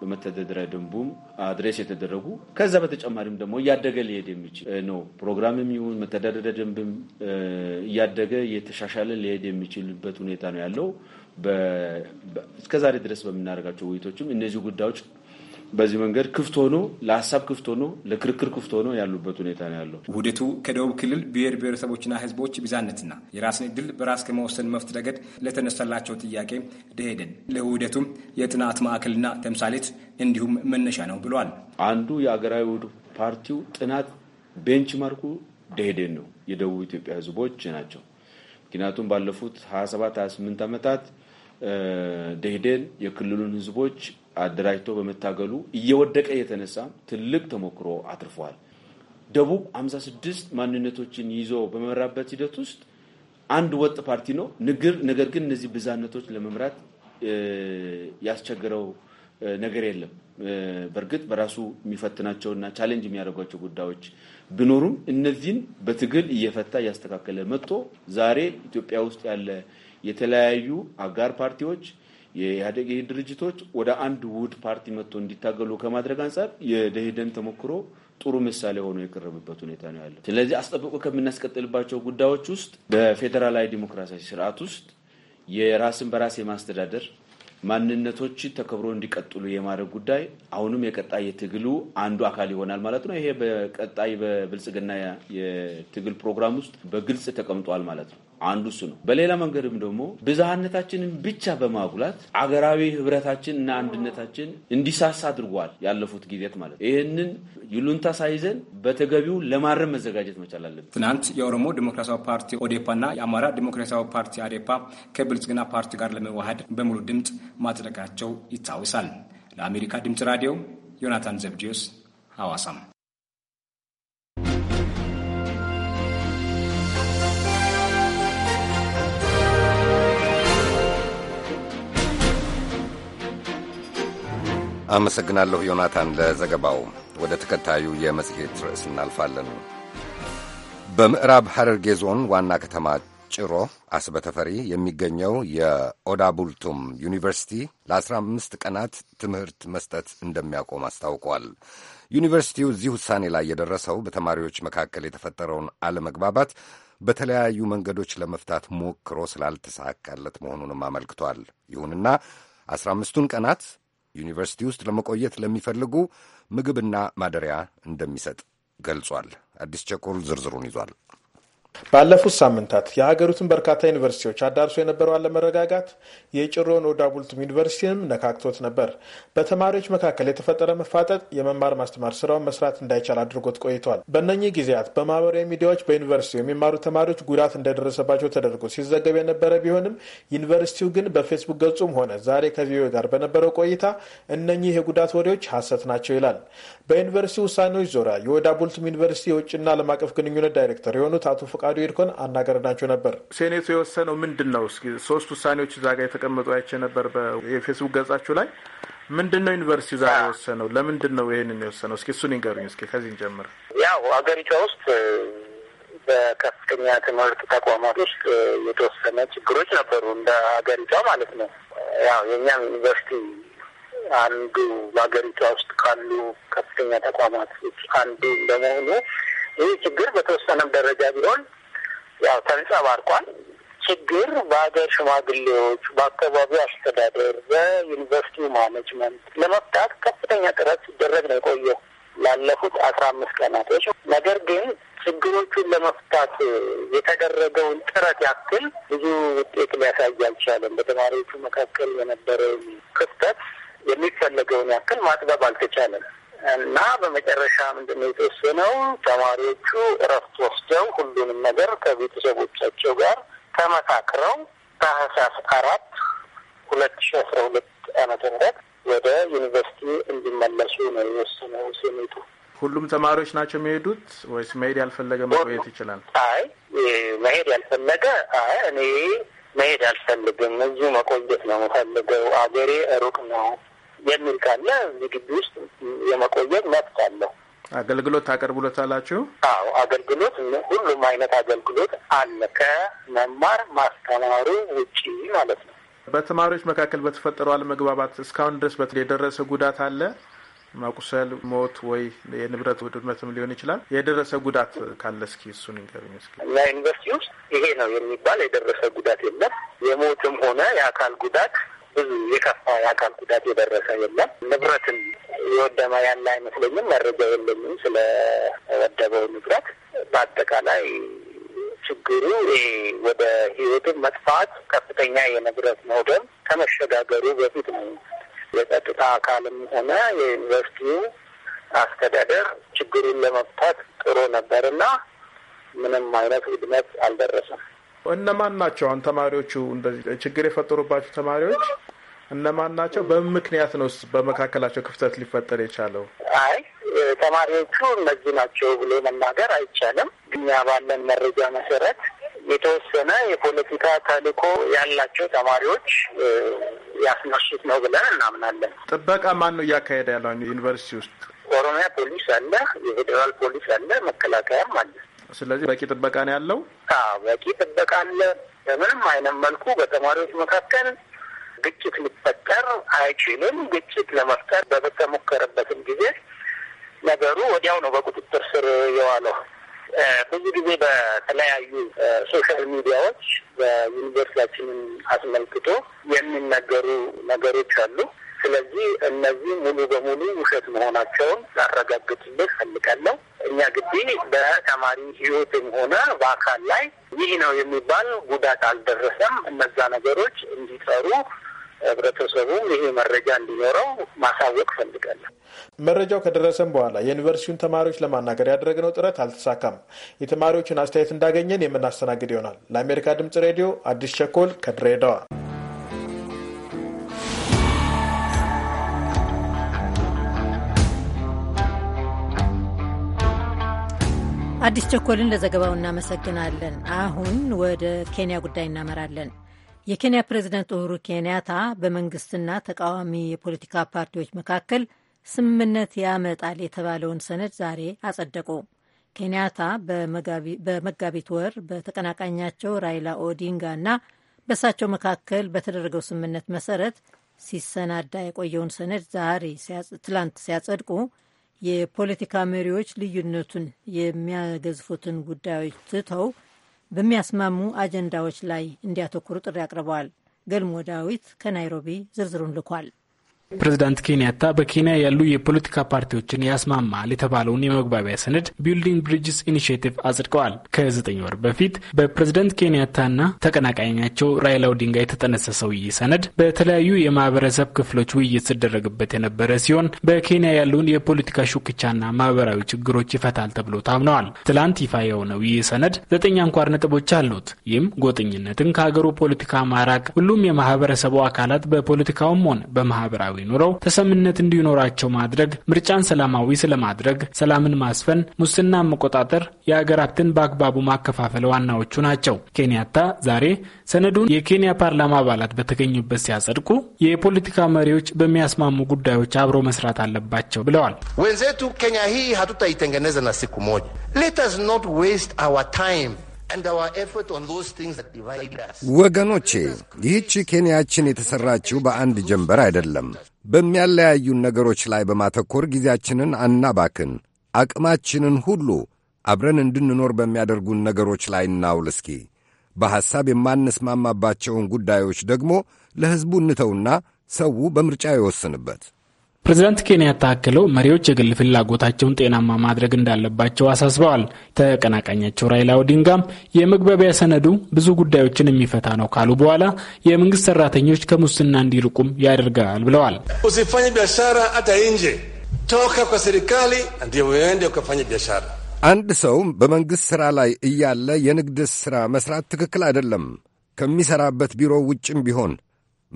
በመተዳደሪያ ደንቡም አድሬስ የተደረጉ ከዛ በተጨማሪም ደግሞ እያደገ ሊሄድ የሚችል ነው። ፕሮግራምም ይሁን መተዳደሪያ ደንብም እያደገ እየተሻሻለ ሊሄድ የሚችልበት ሁኔታ ነው ያለው። እስከዛሬ ድረስ በምናደርጋቸው ውይይቶችም እነዚህ ጉዳዮች በዚህ መንገድ ክፍት ሆኖ ለሀሳብ ክፍት ሆኖ ለክርክር ክፍት ሆኖ ያሉበት ሁኔታ ነው ያለው። ውህደቱ ከደቡብ ክልል ብሔር ብሔረሰቦችና ሕዝቦች ብዛነትና የራስን እድል በራስ ከመወሰን መፍት ረገድ ለተነሳላቸው ጥያቄ ደሄደን ለውህደቱም የጥናት ማዕከልና ተምሳሌት እንዲሁም መነሻ ነው ብሏል። አንዱ የአገራዊ ውህድ ፓርቲው ጥናት ቤንችማርኩ ደሄደን ነው፣ የደቡብ ኢትዮጵያ ሕዝቦች ናቸው። ምክንያቱም ባለፉት 27 28 ዓመታት ደሄደን የክልሉን ሕዝቦች አደራጅቶ በመታገሉ እየወደቀ የተነሳ ትልቅ ተሞክሮ አትርፏል። ደቡብ 56 ማንነቶችን ይዞ በመራበት ሂደት ውስጥ አንድ ወጥ ፓርቲ ነው። ነገር ግን እነዚህ ብዛነቶች ለመምራት ያስቸገረው ነገር የለም። በእርግጥ በራሱ የሚፈትናቸውና ቻሌንጅ የሚያደርጓቸው ጉዳዮች ቢኖሩም እነዚህን በትግል እየፈታ እያስተካከለ መጥቶ ዛሬ ኢትዮጵያ ውስጥ ያለ የተለያዩ አጋር ፓርቲዎች የኢህአዴግ ይህ ድርጅቶች ወደ አንድ ውህድ ፓርቲ መጥቶ እንዲታገሉ ከማድረግ አንጻር የደሄደን ተሞክሮ ጥሩ ምሳሌ ሆኖ የቀረበበት ሁኔታ ነው ያለው። ስለዚህ አስጠብቆ ከምናስቀጥልባቸው ጉዳዮች ውስጥ በፌዴራላዊ ዲሞክራሲያዊ ስርዓት ውስጥ የራስን በራስ የማስተዳደር ማንነቶች ተከብሮ እንዲቀጥሉ የማድረግ ጉዳይ አሁንም የቀጣይ የትግሉ አንዱ አካል ይሆናል ማለት ነው። ይሄ በቀጣይ በብልጽግና የትግል ፕሮግራም ውስጥ በግልጽ ተቀምጧል ማለት ነው። አንዱ እሱ ነው። በሌላ መንገድም ደግሞ ብዝሃነታችንን ብቻ በማጉላት አገራዊ ህብረታችን እና አንድነታችን እንዲሳሳ አድርጓል ያለፉት ጊዜያት ማለት ነው። ይህንን ይሉንታ ሳይዘን በተገቢው ለማረም መዘጋጀት መቻል አለብን። ትናንት የኦሮሞ ዴሞክራሲያዊ ፓርቲ ኦዴፓና የአማራ ዴሞክራሲያዊ ፓርቲ አዴፓ ከብልጽግና ፓርቲ ጋር ለመዋሃድ በሙሉ ድምፅ ማጽደቃቸው ይታወሳል። ለአሜሪካ ድምፅ ራዲዮ ዮናታን ዘብዲዮስ ሐዋሳም አመሰግናለሁ ዮናታን ለዘገባው። ወደ ተከታዩ የመጽሔት ርዕስ እናልፋለን። በምዕራብ ሐረርጌ ዞን ዋና ከተማ ጭሮ አስበተፈሪ የሚገኘው የኦዳቡልቱም ዩኒቨርሲቲ ለ15 ቀናት ትምህርት መስጠት እንደሚያቆም አስታውቋል። ዩኒቨርሲቲው እዚህ ውሳኔ ላይ የደረሰው በተማሪዎች መካከል የተፈጠረውን አለመግባባት በተለያዩ መንገዶች ለመፍታት ሞክሮ ስላልተሳካለት መሆኑንም አመልክቷል። ይሁንና 15ቱን ቀናት ዩኒቨርሲቲ ውስጥ ለመቆየት ለሚፈልጉ ምግብና ማደሪያ እንደሚሰጥ ገልጿል። አዲስ ቸኮል ዝርዝሩን ይዟል። ባለፉት ሳምንታት የሀገሪቱን በርካታ ዩኒቨርሲቲዎች አዳርሶ የነበረው አለመረጋጋት የጭሮን ወደ ቡልቱም ዩኒቨርሲቲንም ነካክቶት ነበር። በተማሪዎች መካከል የተፈጠረ መፋጠጥ የመማር ማስተማር ስራውን መስራት እንዳይቻል አድርጎት ቆይቷል። በእነኚህ ጊዜያት በማህበራዊ ሚዲያዎች በዩኒቨርሲቲ የሚማሩ ተማሪዎች ጉዳት እንደደረሰባቸው ተደርጎ ሲዘገብ የነበረ ቢሆንም ዩኒቨርሲቲው ግን በፌስቡክ ገጹም ሆነ ዛሬ ከቪኦኤ ጋር በነበረው ቆይታ እነኚህ የጉዳት ወሬዎች ሀሰት ናቸው ይላል። በዩኒቨርሲቲ ውሳኔዎች ዙሪያ የወደ ዩኒቨርሲቲ የውጭና ዓለም አቀፍ ግንኙነት ዳይሬክተር የሆኑት አቶ ፍቃ ፈቃዱ ይድኮን አናገርናቸው ነበር። ሴኔቱ የወሰነው ምንድን ነው? እስኪ ሶስት ውሳኔዎች እዛ ጋር የተቀመጡ አይቼ ነበር የፌስቡክ ገጻችሁ ላይ። ምንድን ነው ዩኒቨርሲቲ ዛ የወሰነው? ለምንድን ነው ይሄንን የወሰነው? እስኪ እሱን ይንገሩኝ። እስኪ ከዚህ እንጀምር። ያው አገሪቷ ውስጥ በከፍተኛ ትምህርት ተቋማት ውስጥ የተወሰነ ችግሮች ነበሩ፣ እንደ ሀገሪቷ ማለት ነው። ያው የእኛም ዩኒቨርሲቲ አንዱ በሀገሪቷ ውስጥ ካሉ ከፍተኛ ተቋማት አንዱ እንደመሆኑ ይህ ችግር በተወሰነም ደረጃ ቢሆን ያው ተንጸባርቋል። ችግር በሀገር ሽማግሌዎች፣ በአካባቢው አስተዳደር፣ በዩኒቨርሲቲ ማኔጅመንት ለመፍታት ከፍተኛ ጥረት ሲደረግ ነው የቆየው ላለፉት አስራ አምስት ቀናቶች። ነገር ግን ችግሮቹን ለመፍታት የተደረገውን ጥረት ያክል ብዙ ውጤት ሊያሳይ አልቻለም። በተማሪዎቹ መካከል የነበረውን ክፍተት የሚፈለገውን ያክል ማጥበብ አልተቻለም። እና በመጨረሻ ምንድን ነው የተወሰነው ተማሪዎቹ እረፍት ወስደው ሁሉንም ነገር ከቤተሰቦቻቸው ጋር ተመካክረው ታህሳስ አራት ሁለት ሺ አስራ ሁለት አመተ ምህረት ወደ ዩኒቨርሲቲ እንዲመለሱ ነው የወሰነው ሴኔቱ። ሁሉም ተማሪዎች ናቸው የሚሄዱት ወይስ መሄድ ያልፈለገ መቆየት ይችላል? አይ መሄድ ያልፈለገ አይ እኔ መሄድ አልፈልግም እዚሁ መቆየት ነው የምፈልገው አገሬ ሩቅ ነው የሚል ካለ ግቢ ውስጥ የመቆየት መብት አለው። አገልግሎት ታቀርብሎት አላችሁ? አዎ አገልግሎት፣ ሁሉም አይነት አገልግሎት አለ ከመማር ማስተማሩ ውጪ ማለት ነው። በተማሪዎች መካከል በተፈጠረው አለመግባባት እስካሁን ድረስ የደረሰ ጉዳት አለ? መቁሰል፣ ሞት ወይ የንብረት ውድመትም ሊሆን ይችላል። የደረሰ ጉዳት ካለ እስኪ እሱን ንገሩኝ። እስኪ ዩኒቨርሲቲ ውስጥ ይሄ ነው የሚባል የደረሰ ጉዳት የለም። የሞትም ሆነ የአካል ጉዳት ብዙ የከፋ የአካል ጉዳት የደረሰ የለም። ንብረትን የወደማ ያለ አይመስለኝም። መረጃ የለኝም ስለ ንብረት። በአጠቃላይ ችግሩ ይሄ ወደ ህይወትን መጥፋት፣ ከፍተኛ የንብረት መውደም ከመሸጋገሩ በፊት ነው። የጸጥታ አካልም ሆነ የዩኒቨርሲቲው አስተዳደር ችግሩን ለመፍታት ጥሮ ነበርና ምንም አይነት ውድመት አልደረሰም። እነማን ናቸው አሁን ተማሪዎቹ እንደዚህ ችግር የፈጠሩባቸው ተማሪዎች? እነማን ናቸው? በምን ምክንያት ነው በመካከላቸው ክፍተት ሊፈጠር የቻለው? አይ ተማሪዎቹ እነዚህ ናቸው ብሎ መናገር አይቻልም። እኛ ባለን መረጃ መሰረት የተወሰነ የፖለቲካ ተልኮ ያላቸው ተማሪዎች ያስነሱት ነው ብለን እናምናለን። ጥበቃ ማን ነው እያካሄደ ያለው ዩኒቨርሲቲ ውስጥ? ኦሮሚያ ፖሊስ አለ፣ የፌዴራል ፖሊስ አለ፣ መከላከያም አለ። ስለዚህ በቂ ጥበቃ ነው ያለው። በቂ ጥበቃ አለ። በምንም አይነት መልኩ በተማሪዎች መካከል ግጭት ሊፈጠር አይችልም። ግጭት ለመፍጠር በተሞከረበትም ጊዜ ነገሩ ወዲያው ነው በቁጥጥር ስር የዋለው። ብዙ ጊዜ በተለያዩ ሶሻል ሚዲያዎች በዩኒቨርሲቲያችንን አስመልክቶ የሚነገሩ ነገሮች አሉ። ስለዚህ እነዚህ ሙሉ በሙሉ ውሸት መሆናቸውን ላረጋግጥልህ ፈልጋለሁ። እኛ ግቢ በተማሪ ሕይወትም ሆነ በአካል ላይ ይህ ነው የሚባል ጉዳት አልደረሰም። እነዛ ነገሮች እንዲጠሩ ህብረተሰቡም ይሄ መረጃ እንዲኖረው ማሳወቅ ፈልጋለን። መረጃው ከደረሰም በኋላ የዩኒቨርሲቲውን ተማሪዎች ለማናገር ያደረግነው ጥረት አልተሳካም። የተማሪዎችን አስተያየት እንዳገኘን የምናስተናግድ ይሆናል። ለአሜሪካ ድምጽ ሬዲዮ አዲስ ቸኮል ከድሬዳዋ። አዲስ ቸኮልን ለዘገባው እናመሰግናለን። አሁን ወደ ኬንያ ጉዳይ እናመራለን። የኬንያ ፕሬዚደንት ኡሁሩ ኬንያታ በመንግስትና ተቃዋሚ የፖለቲካ ፓርቲዎች መካከል ስምምነት ያመጣል የተባለውን ሰነድ ዛሬ አጸደቁ። ኬንያታ በመጋቢት ወር በተቀናቃኛቸው ራይላ ኦዲንጋ እና በእሳቸው መካከል በተደረገው ስምምነት መሰረት ሲሰናዳ የቆየውን ሰነድ ዛሬ ትላንት ሲያጸድቁ የፖለቲካ መሪዎች ልዩነቱን የሚያገዝፉትን ጉዳዮች ትተው በሚያስማሙ አጀንዳዎች ላይ እንዲያተኩሩ ጥሪ አቅርበዋል። ገልሞ ዳዊት ከናይሮቢ ዝርዝሩን ልኳል። ፕሬዚዳንት ኬንያታ በኬንያ ያሉ የፖለቲካ ፓርቲዎችን ያስማማል የተባለውን የመግባቢያ ሰነድ ቢልዲንግ ብሪጅስ ኢኒሽቲቭ አጽድቀዋል። ከዘጠኝ ወር በፊት በፕሬዚዳንት ኬንያታና ተቀናቃኛቸው ራይላ ኦዲንጋ የተጠነሰሰው ይህ ሰነድ በተለያዩ የማህበረሰብ ክፍሎች ውይይት ሲደረግበት የነበረ ሲሆን በኬንያ ያለውን የፖለቲካ ሹክቻና ማህበራዊ ችግሮች ይፈታል ተብሎ ታምነዋል። ትላንት ይፋ የሆነው ይህ ሰነድ ዘጠኝ አንኳር ነጥቦች አሉት። ይህም ጎጥኝነትን ከሀገሩ ፖለቲካ ማራቅ፣ ሁሉም የማህበረሰቡ አካላት በፖለቲካውም ሆነ በማህበራዊ ተግባራዊ ኖረው ተሰምነት እንዲኖራቸው ማድረግ፣ ምርጫን ሰላማዊ ስለማድረግ፣ ሰላምን ማስፈን፣ ሙስናን መቆጣጠር፣ የአገር ሀብትን በአግባቡ ማከፋፈል ዋናዎቹ ናቸው። ኬንያታ ዛሬ ሰነዱን የኬንያ ፓርላማ አባላት በተገኙበት ሲያጸድቁ የፖለቲካ መሪዎች በሚያስማሙ ጉዳዮች አብሮ መስራት አለባቸው ብለዋል። ወንዘቱ ኬንያ ሂ ሀቱታ na siku moja. Let us not waste ወገኖቼ ይህች ኬንያችን የተሠራችው በአንድ ጀንበር አይደለም። በሚያለያዩን ነገሮች ላይ በማተኮር ጊዜያችንን አናባክን። አቅማችንን ሁሉ አብረን እንድንኖር በሚያደርጉን ነገሮች ላይ እናውል። እስኪ በሐሳብ የማንስማማባቸውን ጉዳዮች ደግሞ ለሕዝቡ እንተውና ሰው በምርጫ ይወስንበት። ፕሬዚዳንት ኬንያታ አክለው መሪዎች የግል ፍላጎታቸውን ጤናማ ማድረግ እንዳለባቸው አሳስበዋል። ተቀናቃኛቸው ራይላ ኦዲንጋም የመግባቢያ ሰነዱ ብዙ ጉዳዮችን የሚፈታ ነው ካሉ በኋላ የመንግስት ሰራተኞች ከሙስና እንዲርቁም ያደርጋል ብለዋል። አንድ ሰው በመንግሥት ሥራ ላይ እያለ የንግድ ሥራ መሥራት ትክክል አይደለም። ከሚሠራበት ቢሮ ውጭም ቢሆን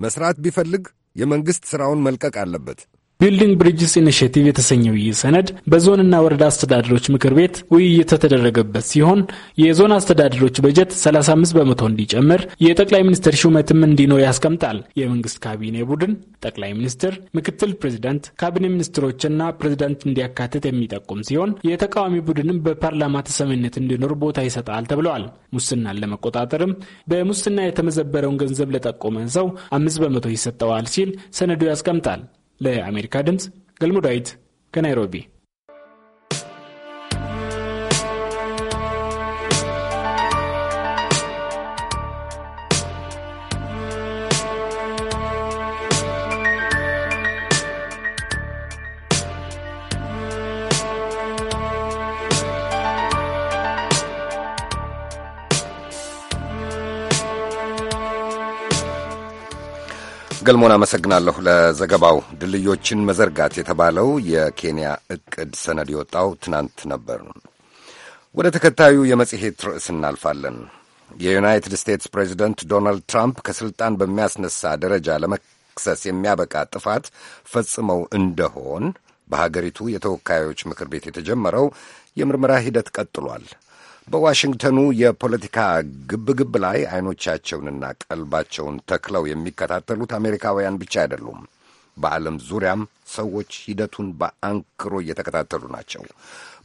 መሥራት ቢፈልግ የመንግሥት ሥራውን መልቀቅ አለበት። ቢልዲንግ ብሪጅስ ኢኒሽቲቭ የተሰኘው ይህ ሰነድ በዞንና ወረዳ አስተዳደሮች ምክር ቤት ውይይት የተደረገበት ሲሆን የዞን አስተዳደሮች በጀት 35 በመቶ እንዲጨምር የጠቅላይ ሚኒስትር ሹመትም እንዲኖር ያስቀምጣል። የመንግስት ካቢኔ ቡድን ጠቅላይ ሚኒስትር፣ ምክትል ፕሬዚዳንት፣ ካቢኔ ሚኒስትሮችና ፕሬዚዳንት እንዲያካትት የሚጠቁም ሲሆን የተቃዋሚ ቡድንም በፓርላማ ተሰሚነት እንዲኖር ቦታ ይሰጣል ተብለዋል። ሙስናን ለመቆጣጠርም በሙስና የተመዘበረውን ገንዘብ ለጠቆመ ሰው አምስት በመቶ ይሰጠዋል ሲል ሰነዱ ያስቀምጣል። ለአሜሪካ ድምፅ ገልሙዳዊት ከናይሮቢ ገልሞን አመሰግናለሁ ለዘገባው። ድልድዮችን መዘርጋት የተባለው የኬንያ እቅድ ሰነድ የወጣው ትናንት ነበር። ወደ ተከታዩ የመጽሔት ርዕስ እናልፋለን። የዩናይትድ ስቴትስ ፕሬዚደንት ዶናልድ ትራምፕ ከሥልጣን በሚያስነሳ ደረጃ ለመክሰስ የሚያበቃ ጥፋት ፈጽመው እንደሆን በሀገሪቱ የተወካዮች ምክር ቤት የተጀመረው የምርመራ ሂደት ቀጥሏል። በዋሽንግተኑ የፖለቲካ ግብግብ ላይ አይኖቻቸውንና ቀልባቸውን ተክለው የሚከታተሉት አሜሪካውያን ብቻ አይደሉም። በዓለም ዙሪያም ሰዎች ሂደቱን በአንክሮ እየተከታተሉ ናቸው።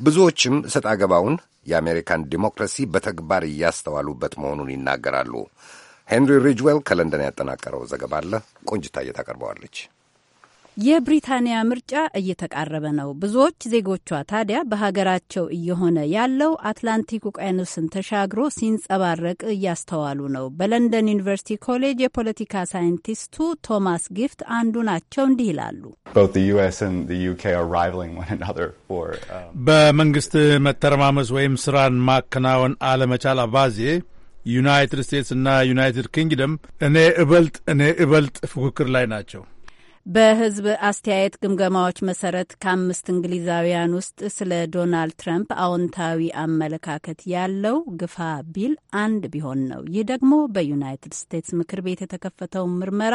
ብዙዎችም እሰጥ አገባውን የአሜሪካን ዲሞክራሲ በተግባር እያስተዋሉበት መሆኑን ይናገራሉ። ሄንሪ ሪጅዌል ከለንደን ያጠናቀረው ዘገባ አለ። ቆንጅታ ታቀርበዋለች። የብሪታንያ ምርጫ እየተቃረበ ነው። ብዙዎች ዜጎቿ ታዲያ በሀገራቸው እየሆነ ያለው አትላንቲክ ውቅያኖስን ተሻግሮ ሲንጸባረቅ እያስተዋሉ ነው። በለንደን ዩኒቨርሲቲ ኮሌጅ የፖለቲካ ሳይንቲስቱ ቶማስ ጊፍት አንዱ ናቸው። እንዲህ ይላሉ። um, በመንግስት መተረማመስ ወይም ስራን ማከናወን አለመቻል አባዜ ዩናይትድ ስቴትስ እና ዩናይትድ ኪንግደም እኔ እበልጥ እኔ እበልጥ ፉክክር ላይ ናቸው። በህዝብ አስተያየት ግምገማዎች መሰረት ከአምስት እንግሊዛውያን ውስጥ ስለ ዶናልድ ትራምፕ አዎንታዊ አመለካከት ያለው ግፋ ቢል አንድ ቢሆን ነው። ይህ ደግሞ በዩናይትድ ስቴትስ ምክር ቤት የተከፈተው ምርመራ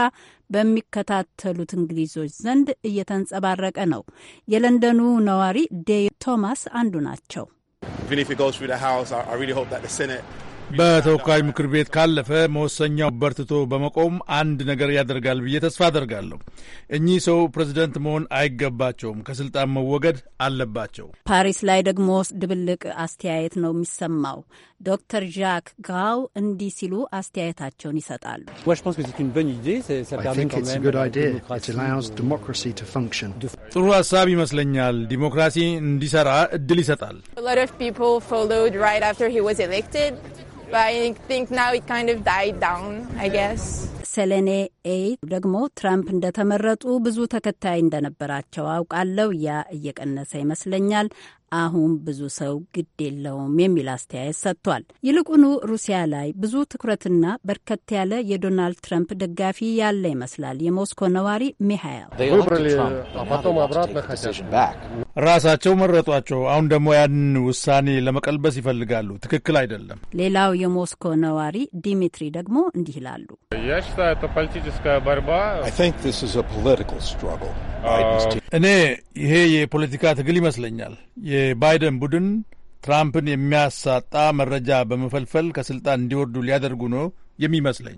በሚከታተሉት እንግሊዞች ዘንድ እየተንጸባረቀ ነው። የለንደኑ ነዋሪ ዴ ቶማስ አንዱ ናቸው። በተወካዮች ምክር ቤት ካለፈ መወሰኛው በርትቶ በመቆም አንድ ነገር ያደርጋል ብዬ ተስፋ አደርጋለሁ። እኚህ ሰው ፕሬዚደንት መሆን አይገባቸውም፣ ከስልጣን መወገድ አለባቸው። ፓሪስ ላይ ደግሞ ድብልቅ አስተያየት ነው የሚሰማው። ዶክተር ዣክ ጋው እንዲህ ሲሉ አስተያየታቸውን ይሰጣሉ። ጥሩ ሀሳብ ይመስለኛል። ዲሞክራሲ እንዲሰራ እድል ይሰጣል። ሰለኔ ኤይ ደግሞ ትራምፕ እንደተመረጡ ብዙ ተከታይ እንደነበራቸው አውቃለሁ። ያ እየቀነሰ ይመስለኛል። አሁን ብዙ ሰው ግድ የለውም የሚል አስተያየት ሰጥቷል። ይልቁኑ ሩሲያ ላይ ብዙ ትኩረትና በርከት ያለ የዶናልድ ትራምፕ ደጋፊ ያለ ይመስላል። የሞስኮ ነዋሪ ሚሃይል ራሳቸው መረጧቸው፣ አሁን ደግሞ ያን ውሳኔ ለመቀልበስ ይፈልጋሉ። ትክክል አይደለም። ሌላው የሞስኮ ነዋሪ ዲሚትሪ ደግሞ እንዲህ ይላሉ። እኔ ይሄ የፖለቲካ ትግል ይመስለኛል። የባይደን ቡድን ትራምፕን የሚያሳጣ መረጃ በመፈልፈል ከስልጣን እንዲወርዱ ሊያደርጉ ነው የሚመስለኝ።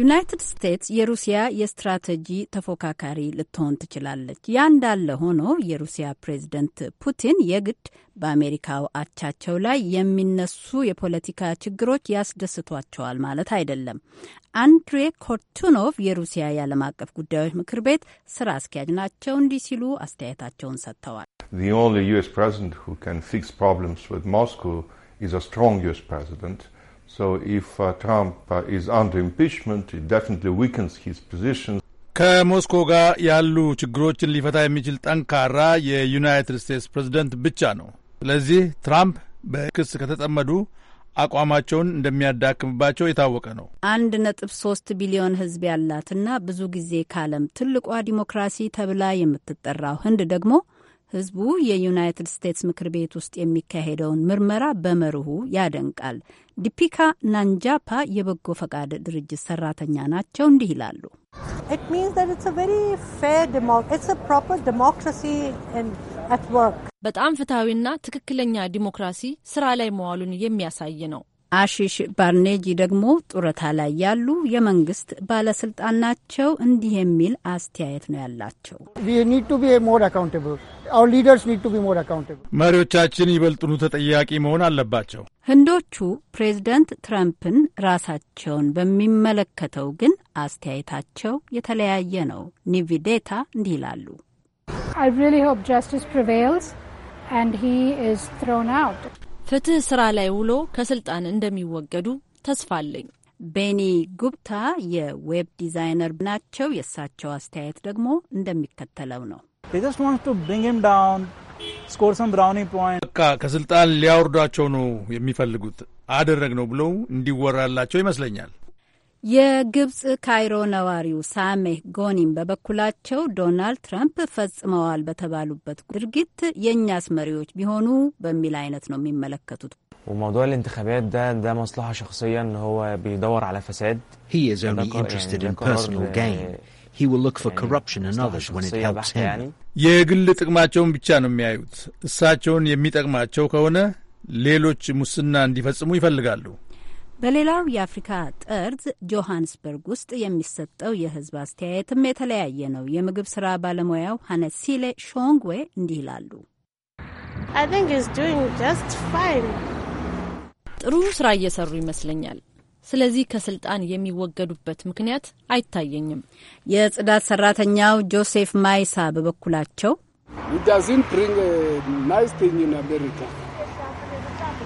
ዩናይትድ ስቴትስ የሩሲያ የስትራቴጂ ተፎካካሪ ልትሆን ትችላለች። ያ እንዳለ ሆኖ የሩሲያ ፕሬዝደንት ፑቲን የግድ በአሜሪካው አቻቸው ላይ የሚነሱ የፖለቲካ ችግሮች ያስደስቷቸዋል ማለት አይደለም። አንድሬ ኮርቱኖቭ የሩሲያ የዓለም አቀፍ ጉዳዮች ምክር ቤት ስራ አስኪያጅ ናቸው። እንዲህ ሲሉ አስተያየታቸውን ሰጥተዋል። uh, uh, ከሞስኮ ጋር ያሉ ችግሮችን ሊፈታ የሚችል ጠንካራ የዩናይትድ ስቴትስ ፕሬዝደንት ብቻ ነው። ስለዚህ ትራምፕ በክስ ከተጠመዱ አቋማቸውን እንደሚያዳክምባቸው የታወቀ ነው። አንድ ነጥብ ሶስት ቢሊዮን ህዝብ ያላትና ብዙ ጊዜ ከዓለም ትልቋ ዲሞክራሲ ተብላ የምትጠራው ህንድ ደግሞ ህዝቡ የዩናይትድ ስቴትስ ምክር ቤት ውስጥ የሚካሄደውን ምርመራ በመርሁ ያደንቃል። ዲፒካ ናንጃፓ የበጎ ፈቃድ ድርጅት ሰራተኛ ናቸው። እንዲህ ይላሉ። በጣም ፍትሐዊና ትክክለኛ ዲሞክራሲ ስራ ላይ መዋሉን የሚያሳይ ነው። አሺሽ ባርኔጂ ደግሞ ጡረታ ላይ ያሉ የመንግስት ባለስልጣን ናቸው። እንዲህ የሚል አስተያየት ነው ያላቸው። መሪዎቻችን ይበልጥኑ ተጠያቂ መሆን አለባቸው። ህንዶቹ ፕሬዝደንት ትራምፕን ራሳቸውን በሚመለከተው ግን አስተያየታቸው የተለያየ ነው። ኒቪዴታ እንዲህ ይላሉ። ፍትህ ስራ ላይ ውሎ ከስልጣን እንደሚወገዱ ተስፋ አለኝ። ቤኒ ጉፕታ የዌብ ዲዛይነር ናቸው። የእሳቸው አስተያየት ደግሞ እንደሚከተለው ነው። በቃ ከስልጣን ሊያወርዷቸው ነው የሚፈልጉት። አደረግ ነው ብለው እንዲወራላቸው ይመስለኛል። የግብፅ ካይሮ ነዋሪው ሳሜህ ጎኒም በበኩላቸው ዶናልድ ትራምፕ ፈጽመዋል በተባሉበት ድርጊት የእኛስ መሪዎች ቢሆኑ በሚል አይነት ነው የሚመለከቱት። የግል ጥቅማቸውን ብቻ ነው የሚያዩት። እሳቸውን የሚጠቅማቸው ከሆነ ሌሎች ሙስና እንዲፈጽሙ ይፈልጋሉ። በሌላው የአፍሪካ ጠርዝ ጆሃንስበርግ ውስጥ የሚሰጠው የህዝብ አስተያየትም የተለያየ ነው። የምግብ ስራ ባለሙያው ሀነሲሌ ሾንግዌ እንዲህ ይላሉ። ጥሩ ስራ እየሰሩ ይመስለኛል። ስለዚህ ከስልጣን የሚወገዱበት ምክንያት አይታየኝም። የጽዳት ሰራተኛው ጆሴፍ ማይሳ በበኩላቸው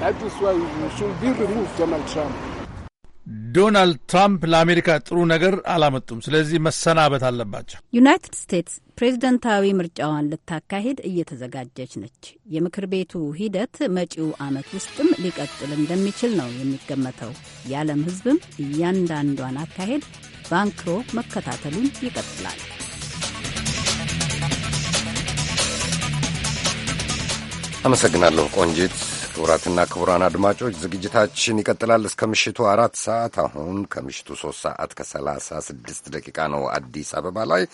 That is why we should be removed Donald Trump. ዶናልድ ትራምፕ ለአሜሪካ ጥሩ ነገር አላመጡም። ስለዚህ መሰናበት አለባቸው። ዩናይትድ ስቴትስ ፕሬዝደንታዊ ምርጫዋን ልታካሂድ እየተዘጋጀች ነች። የምክር ቤቱ ሂደት መጪው ዓመት ውስጥም ሊቀጥል እንደሚችል ነው የሚገመተው። የዓለም ሕዝብም እያንዳንዷን አካሄድ ባንክሮ መከታተሉን ይቀጥላል። አመሰግናለሁ ቆንጂት። ክቡራትና ክቡራን አድማጮች ዝግጅታችን ይቀጥላል እስከ ምሽቱ አራት ሰዓት። አሁን ከምሽቱ ሶስት ሰዓት ከሰላሳ ስድስት ደቂቃ ነው አዲስ አበባ ላይ።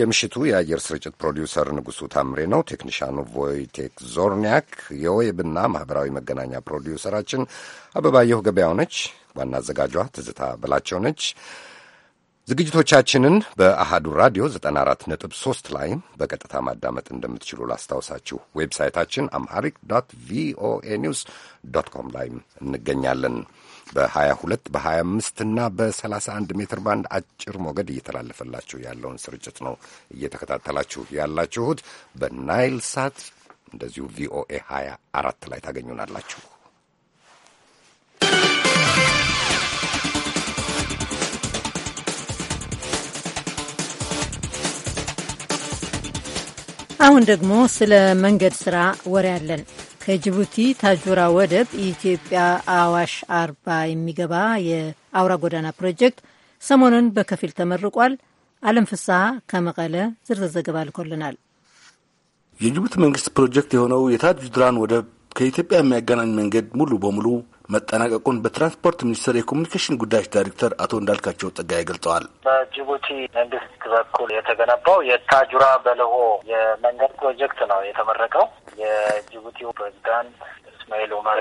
የምሽቱ የአየር ስርጭት ፕሮዲውሰር ንጉሡ ታምሬ ነው። ቴክኒሻኑ ቮይቴክ ዞርኒያክ፣ የዌብና ማኅበራዊ መገናኛ ፕሮዲውሰራችን አበባየሁ ገበያው ነች። ዋና አዘጋጇ ትዝታ በላቸው ነች። ዝግጅቶቻችንን በአሃዱ ራዲዮ 94.3 ላይ በቀጥታ ማዳመጥ እንደምትችሉ ላስታውሳችሁ። ዌብሳይታችን አምሃሪክ ዶት ቪኦኤ ኒውስ ዶት ኮም ላይ እንገኛለን። በ22 በ25 እና በ31 ሜትር ባንድ አጭር ሞገድ እየተላለፈላችሁ ያለውን ስርጭት ነው እየተከታተላችሁ ያላችሁት። በናይል ሳት እንደዚሁ ቪኦኤ 24 ላይ ታገኙናላችሁ። አሁን ደግሞ ስለ መንገድ ስራ ወሬ ያለን። ከጅቡቲ ታጁራ ወደብ የኢትዮጵያ አዋሽ አርባ የሚገባ የአውራ ጎዳና ፕሮጀክት ሰሞኑን በከፊል ተመርቋል። አለም ፍስሐ ከመቀለ ዝርዝር ዘገባ ልኮልናል። የጅቡቲ መንግስት ፕሮጀክት የሆነው የታጁራን ወደብ ከኢትዮጵያ የሚያገናኝ መንገድ ሙሉ በሙሉ መጠናቀቁን በትራንስፖርት ሚኒስቴር የኮሚኒኬሽን ጉዳዮች ዳይሬክተር አቶ እንዳልካቸው ጸጋይ ገልጸዋል። በጅቡቲ መንግስት በኩል የተገነባው የታጁራ በለሆ የመንገድ ፕሮጀክት ነው የተመረቀው። የጅቡቲው ፕሬዚዳንት እስማኤል ኡመር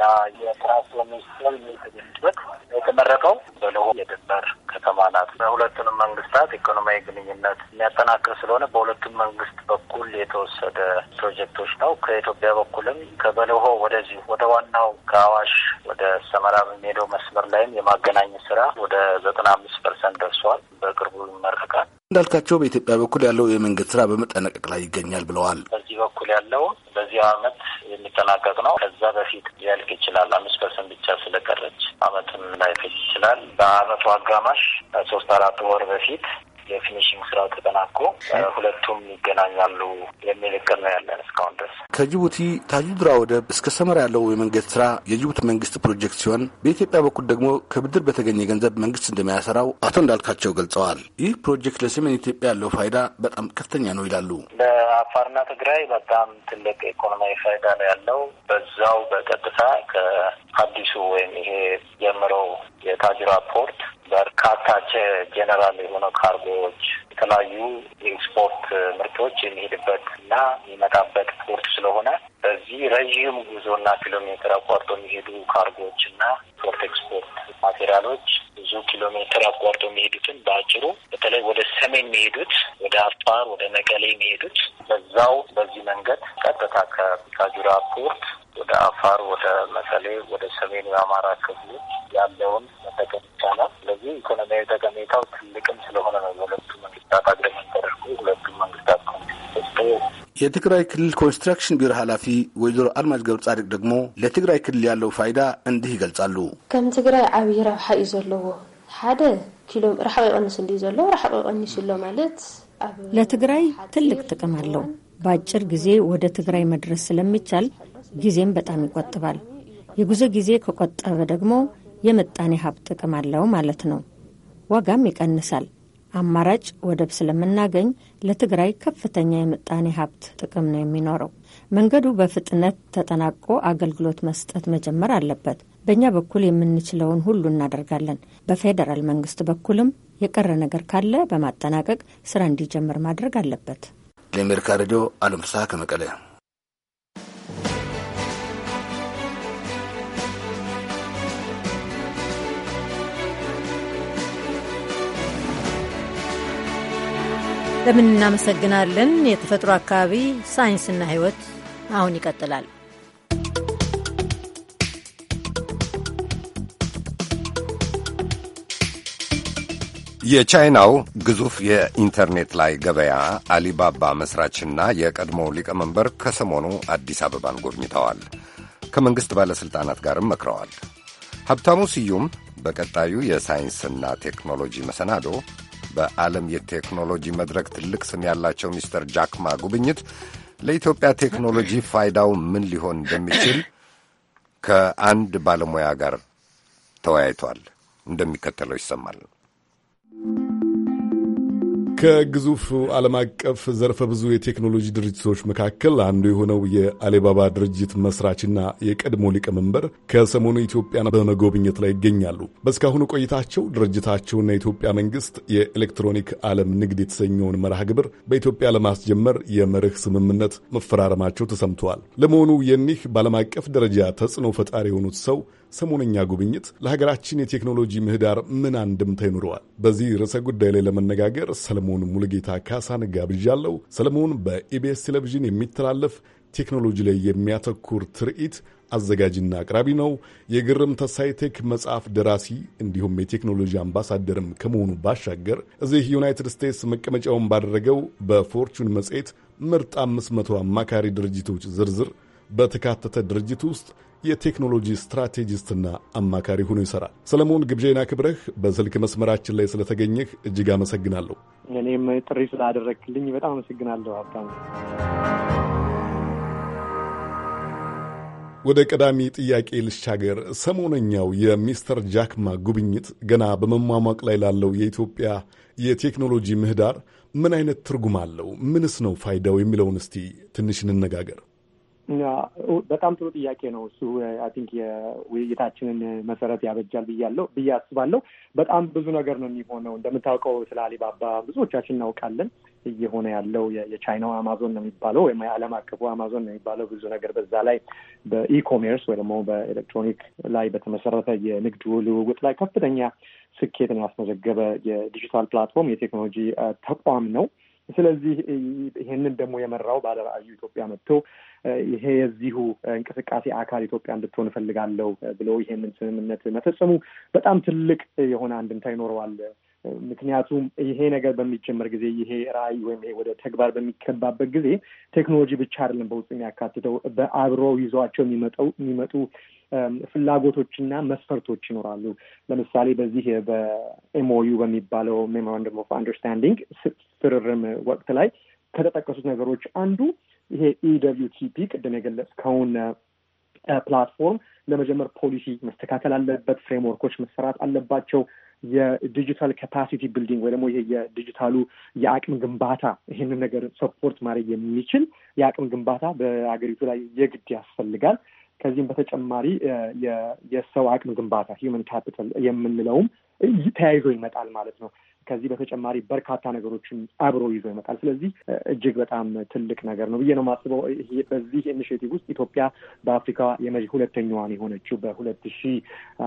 እና የትራንስፖርት ሚኒስትር የተገኙበት የተመረቀው በልሆ የድንበር ከተማ ናት። በሁለቱንም መንግስታት ኢኮኖሚያዊ ግንኙነት የሚያጠናክር ስለሆነ በሁለቱም መንግስት በኩል የተወሰደ ፕሮጀክቶች ነው። ከኢትዮጵያ በኩልም ከበልሆ ወደዚህ ወደ ዋናው ከአዋሽ ወደ ሰመራ በሚሄደው መስመር ላይም የማገናኘት ስራ ወደ ዘጠና አምስት ፐርሰንት ደርሷል። በቅርቡ ይመረቃል። እንዳልካቸው በኢትዮጵያ በኩል ያለው የመንገድ ስራ በመጠናቀቅ ላይ ይገኛል ብለዋል። ያለው በዚህ አመት የሚጠናቀቅ ነው። ከዛ በፊት ሊያልቅ ይችላል። አምስት ፐርሰንት ብቻ ስለቀረች አመትም ላይፈጅ ይችላል። በአመቱ አጋማሽ ሶስት አራት ወር በፊት የፊኒሽንግ ስራው ተጠናቆ ሁለቱም ይገናኛሉ የሚል እቅድ ነው ያለን እስካሁን ድረስ። ከጅቡቲ ታጁድራ ወደብ እስከ ሰመራ ያለው የመንገድ ስራ የጅቡቲ መንግስት ፕሮጀክት ሲሆን በኢትዮጵያ በኩል ደግሞ ከብድር በተገኘ ገንዘብ መንግስት እንደሚያሰራው አቶ እንዳልካቸው ገልጸዋል። ይህ ፕሮጀክት ለሰሜን ኢትዮጵያ ያለው ፋይዳ በጣም ከፍተኛ ነው ይላሉ። ለአፋርና ትግራይ በጣም ትልቅ ኢኮኖሚያዊ ፋይዳ ነው ያለው። በዛው በቀጥታ ከአዲሱ ወይም ይሄ ጀምረው የታጅራ ፖርት በርካታ ጀነራል የሆነ ካርጎዎች የተለያዩ የኤክስፖርት ምርቶች የሚሄድበት እና የሚመጣበት ፖርት ስለሆነ በዚህ ረዥም ጉዞና ኪሎ ሜትር አቋርጦ የሚሄዱ ካርጎዎች እና ፖርት ኤክስፖርት ማቴሪያሎች ብዙ ኪሎ ሜትር አቋርጦ የሚሄዱትን በአጭሩ በተለይ ወደ ሰሜን የሚሄዱት ወደ አፋር፣ ወደ መቀሌ የሚሄዱት በዛው በዚህ መንገድ ቀጥታ ከታጁራ ፖርት ወደ አፋር፣ ወደ መቀሌ፣ ወደ ሰሜኑ የአማራ ክፍሎች ያለውን መጠቀም ይቻላል። ስለዚህ ኢኮኖሚያዊ ጠቀሜታው ትልቅም ስለሆነ ነው የሁለቱ መንግስታት አግሪመንት ተደርጎ ሁለቱም መንግስታት የትግራይ ክልል ኮንስትራክሽን ቢሮ ኃላፊ ወይዘሮ አልማዝ ገብረ ጻድቅ ደግሞ ለትግራይ ክልል ያለው ፋይዳ እንዲህ ይገልጻሉ። ከም ትግራይ ዓብዪ ረብሓ እዩ ዘለዎ ሓደ ኪሎ ረሓባ ይቀንስ እንዲ ዘሎ ረሓባ ይቀንስ ሎ ማለት ለትግራይ ትልቅ ጥቅም አለው። በአጭር ጊዜ ወደ ትግራይ መድረስ ስለሚቻል ጊዜም በጣም ይቆጥባል። የጉዞ ጊዜ ከቆጠበ ደግሞ የምጣኔ ሀብት ጥቅም አለው ማለት ነው። ዋጋም ይቀንሳል። አማራጭ ወደብ ስለምናገኝ ለትግራይ ከፍተኛ የምጣኔ ሀብት ጥቅም ነው የሚኖረው። መንገዱ በፍጥነት ተጠናቆ አገልግሎት መስጠት መጀመር አለበት። በእኛ በኩል የምንችለውን ሁሉ እናደርጋለን። በፌዴራል መንግስት በኩልም የቀረ ነገር ካለ በማጠናቀቅ ስራ እንዲጀምር ማድረግ አለበት። ለአሜሪካ ሬዲዮ አለም ፍስሀ ከመቀለያ። ለምን እናመሰግናለን። የተፈጥሮ አካባቢ ሳይንስና ሕይወት አሁን ይቀጥላል። የቻይናው ግዙፍ የኢንተርኔት ላይ ገበያ አሊባባ መስራችና የቀድሞው ሊቀመንበር ከሰሞኑ አዲስ አበባን ጎብኝተዋል። ከመንግሥት ባለሥልጣናት ጋርም መክረዋል። ሀብታሙ ስዩም በቀጣዩ የሳይንስና ቴክኖሎጂ መሰናዶ በዓለም የቴክኖሎጂ መድረክ ትልቅ ስም ያላቸው ሚስተር ጃክማ ጉብኝት ለኢትዮጵያ ቴክኖሎጂ ፋይዳው ምን ሊሆን እንደሚችል ከአንድ ባለሙያ ጋር ተወያይቷል። እንደሚከተለው ይሰማል። ከግዙፍ ዓለም አቀፍ ዘርፈ ብዙ የቴክኖሎጂ ድርጅቶች መካከል አንዱ የሆነው የአሊባባ ድርጅት መስራችና የቀድሞ ሊቀመንበር ከሰሞኑ ኢትዮጵያን በመጎብኘት ላይ ይገኛሉ። በእስካሁኑ ቆይታቸው ድርጅታቸውና የኢትዮጵያ መንግስት የኤሌክትሮኒክ ዓለም ንግድ የተሰኘውን መርሃ ግብር በኢትዮጵያ ለማስጀመር የመርህ ስምምነት መፈራረማቸው ተሰምተዋል። ለመሆኑ የኒህ በዓለም አቀፍ ደረጃ ተጽዕኖ ፈጣሪ የሆኑት ሰው ሰሞነኛ ጉብኝት ለሀገራችን የቴክኖሎጂ ምህዳር ምን አንድምታ ይኑረዋል በዚህ ርዕሰ ጉዳይ ላይ ለመነጋገር ሰለሞን ሙልጌታ ካሳን ጋብዣለሁ። ሰለሞን በኢቢኤስ ቴሌቪዥን የሚተላለፍ ቴክኖሎጂ ላይ የሚያተኩር ትርኢት አዘጋጅና አቅራቢ ነው። የግርምተ ሳይቴክ መጽሐፍ ደራሲ እንዲሁም የቴክኖሎጂ አምባሳደርም ከመሆኑ ባሻገር እዚህ ዩናይትድ ስቴትስ መቀመጫውን ባደረገው በፎርቹን መጽሔት ምርጥ መቶ አማካሪ ድርጅቶች ዝርዝር በተካተተ ድርጅት ውስጥ የቴክኖሎጂ ስትራቴጂስትና አማካሪ ሆኖ ይሰራል። ሰለሞን ግብዣና ክብረህ በስልክ መስመራችን ላይ ስለተገኘህ እጅግ አመሰግናለሁ። እኔም ጥሪ ስላደረግክልኝ በጣም አመሰግናለሁ ሀብታሙ። ወደ ቀዳሚ ጥያቄ ልሻገር። ሰሞነኛው የሚስተር ጃክማ ጉብኝት ገና በመሟሟቅ ላይ ላለው የኢትዮጵያ የቴክኖሎጂ ምህዳር ምን አይነት ትርጉም አለው? ምንስ ነው ፋይዳው የሚለውን እስቲ ትንሽ እንነጋገር። በጣም ጥሩ ጥያቄ ነው። እሱ አይ ቲንክ የውይይታችንን መሰረት ያበጃል ብያለው ብዬ አስባለሁ። በጣም ብዙ ነገር ነው የሚሆነው። እንደምታውቀው ስለ አሊባባ ብዙዎቻችን እናውቃለን። እየሆነ ያለው የቻይናው አማዞን ነው የሚባለው ወይም የዓለም አቀፉ አማዞን ነው የሚባለው ብዙ ነገር በዛ ላይ በኢኮሜርስ ወይ ደግሞ በኤሌክትሮኒክ ላይ በተመሰረተ የንግድ ልውውጥ ላይ ከፍተኛ ስኬትን ያስመዘገበ የዲጂታል ፕላትፎርም የቴክኖሎጂ ተቋም ነው። ስለዚህ ይህንን ደግሞ የመራው ባለራዕዩ ኢትዮጵያ መጥቶ ይሄ የዚሁ እንቅስቃሴ አካል ኢትዮጵያ እንድትሆን እፈልጋለሁ ብሎ ይሄንን ስምምነት መፈጸሙ በጣም ትልቅ የሆነ አንድምታ ይኖረዋል ምክንያቱም ይሄ ነገር በሚጀመር ጊዜ ይሄ ራዕይ ወይም ይሄ ወደ ተግባር በሚከባበት ጊዜ ቴክኖሎጂ ብቻ አይደለም በውስጥ የሚያካትተው በአብሮ ይዟቸው የሚመጡ ፍላጎቶችና መስፈርቶች ይኖራሉ። ለምሳሌ በዚህ በኤምኦዩ በሚባለው ሜሞራንደም ኦፍ አንደርስታንዲንግ ፍርርም ወቅት ላይ ከተጠቀሱት ነገሮች አንዱ ይሄ ኢደብሊውቲፒ e ቅድም የገለጽከውን ፕላትፎርም ለመጀመር ፖሊሲ መስተካከል አለበት፣ ፍሬምወርኮች መሰራት አለባቸው። የዲጂታል ካፓሲቲ ቢልዲንግ ወይ ደግሞ ይሄ የዲጂታሉ የአቅም ግንባታ ይህንን ነገር ሰፖርት ማድረግ የሚችል የአቅም ግንባታ በአገሪቱ ላይ የግድ ያስፈልጋል። ከዚህም በተጨማሪ የሰው አቅም ግንባታ ሂውመን ካፒታል የምንለውም ተያይዞ ይመጣል ማለት ነው። ከዚህ በተጨማሪ በርካታ ነገሮችን አብሮ ይዞ ይመጣል። ስለዚህ እጅግ በጣም ትልቅ ነገር ነው ብዬ ነው የማስበው። በዚህ ኢኒሽቲቭ ውስጥ ኢትዮጵያ በአፍሪካ ሁለተኛዋን የሆነችው በሁለት ሺ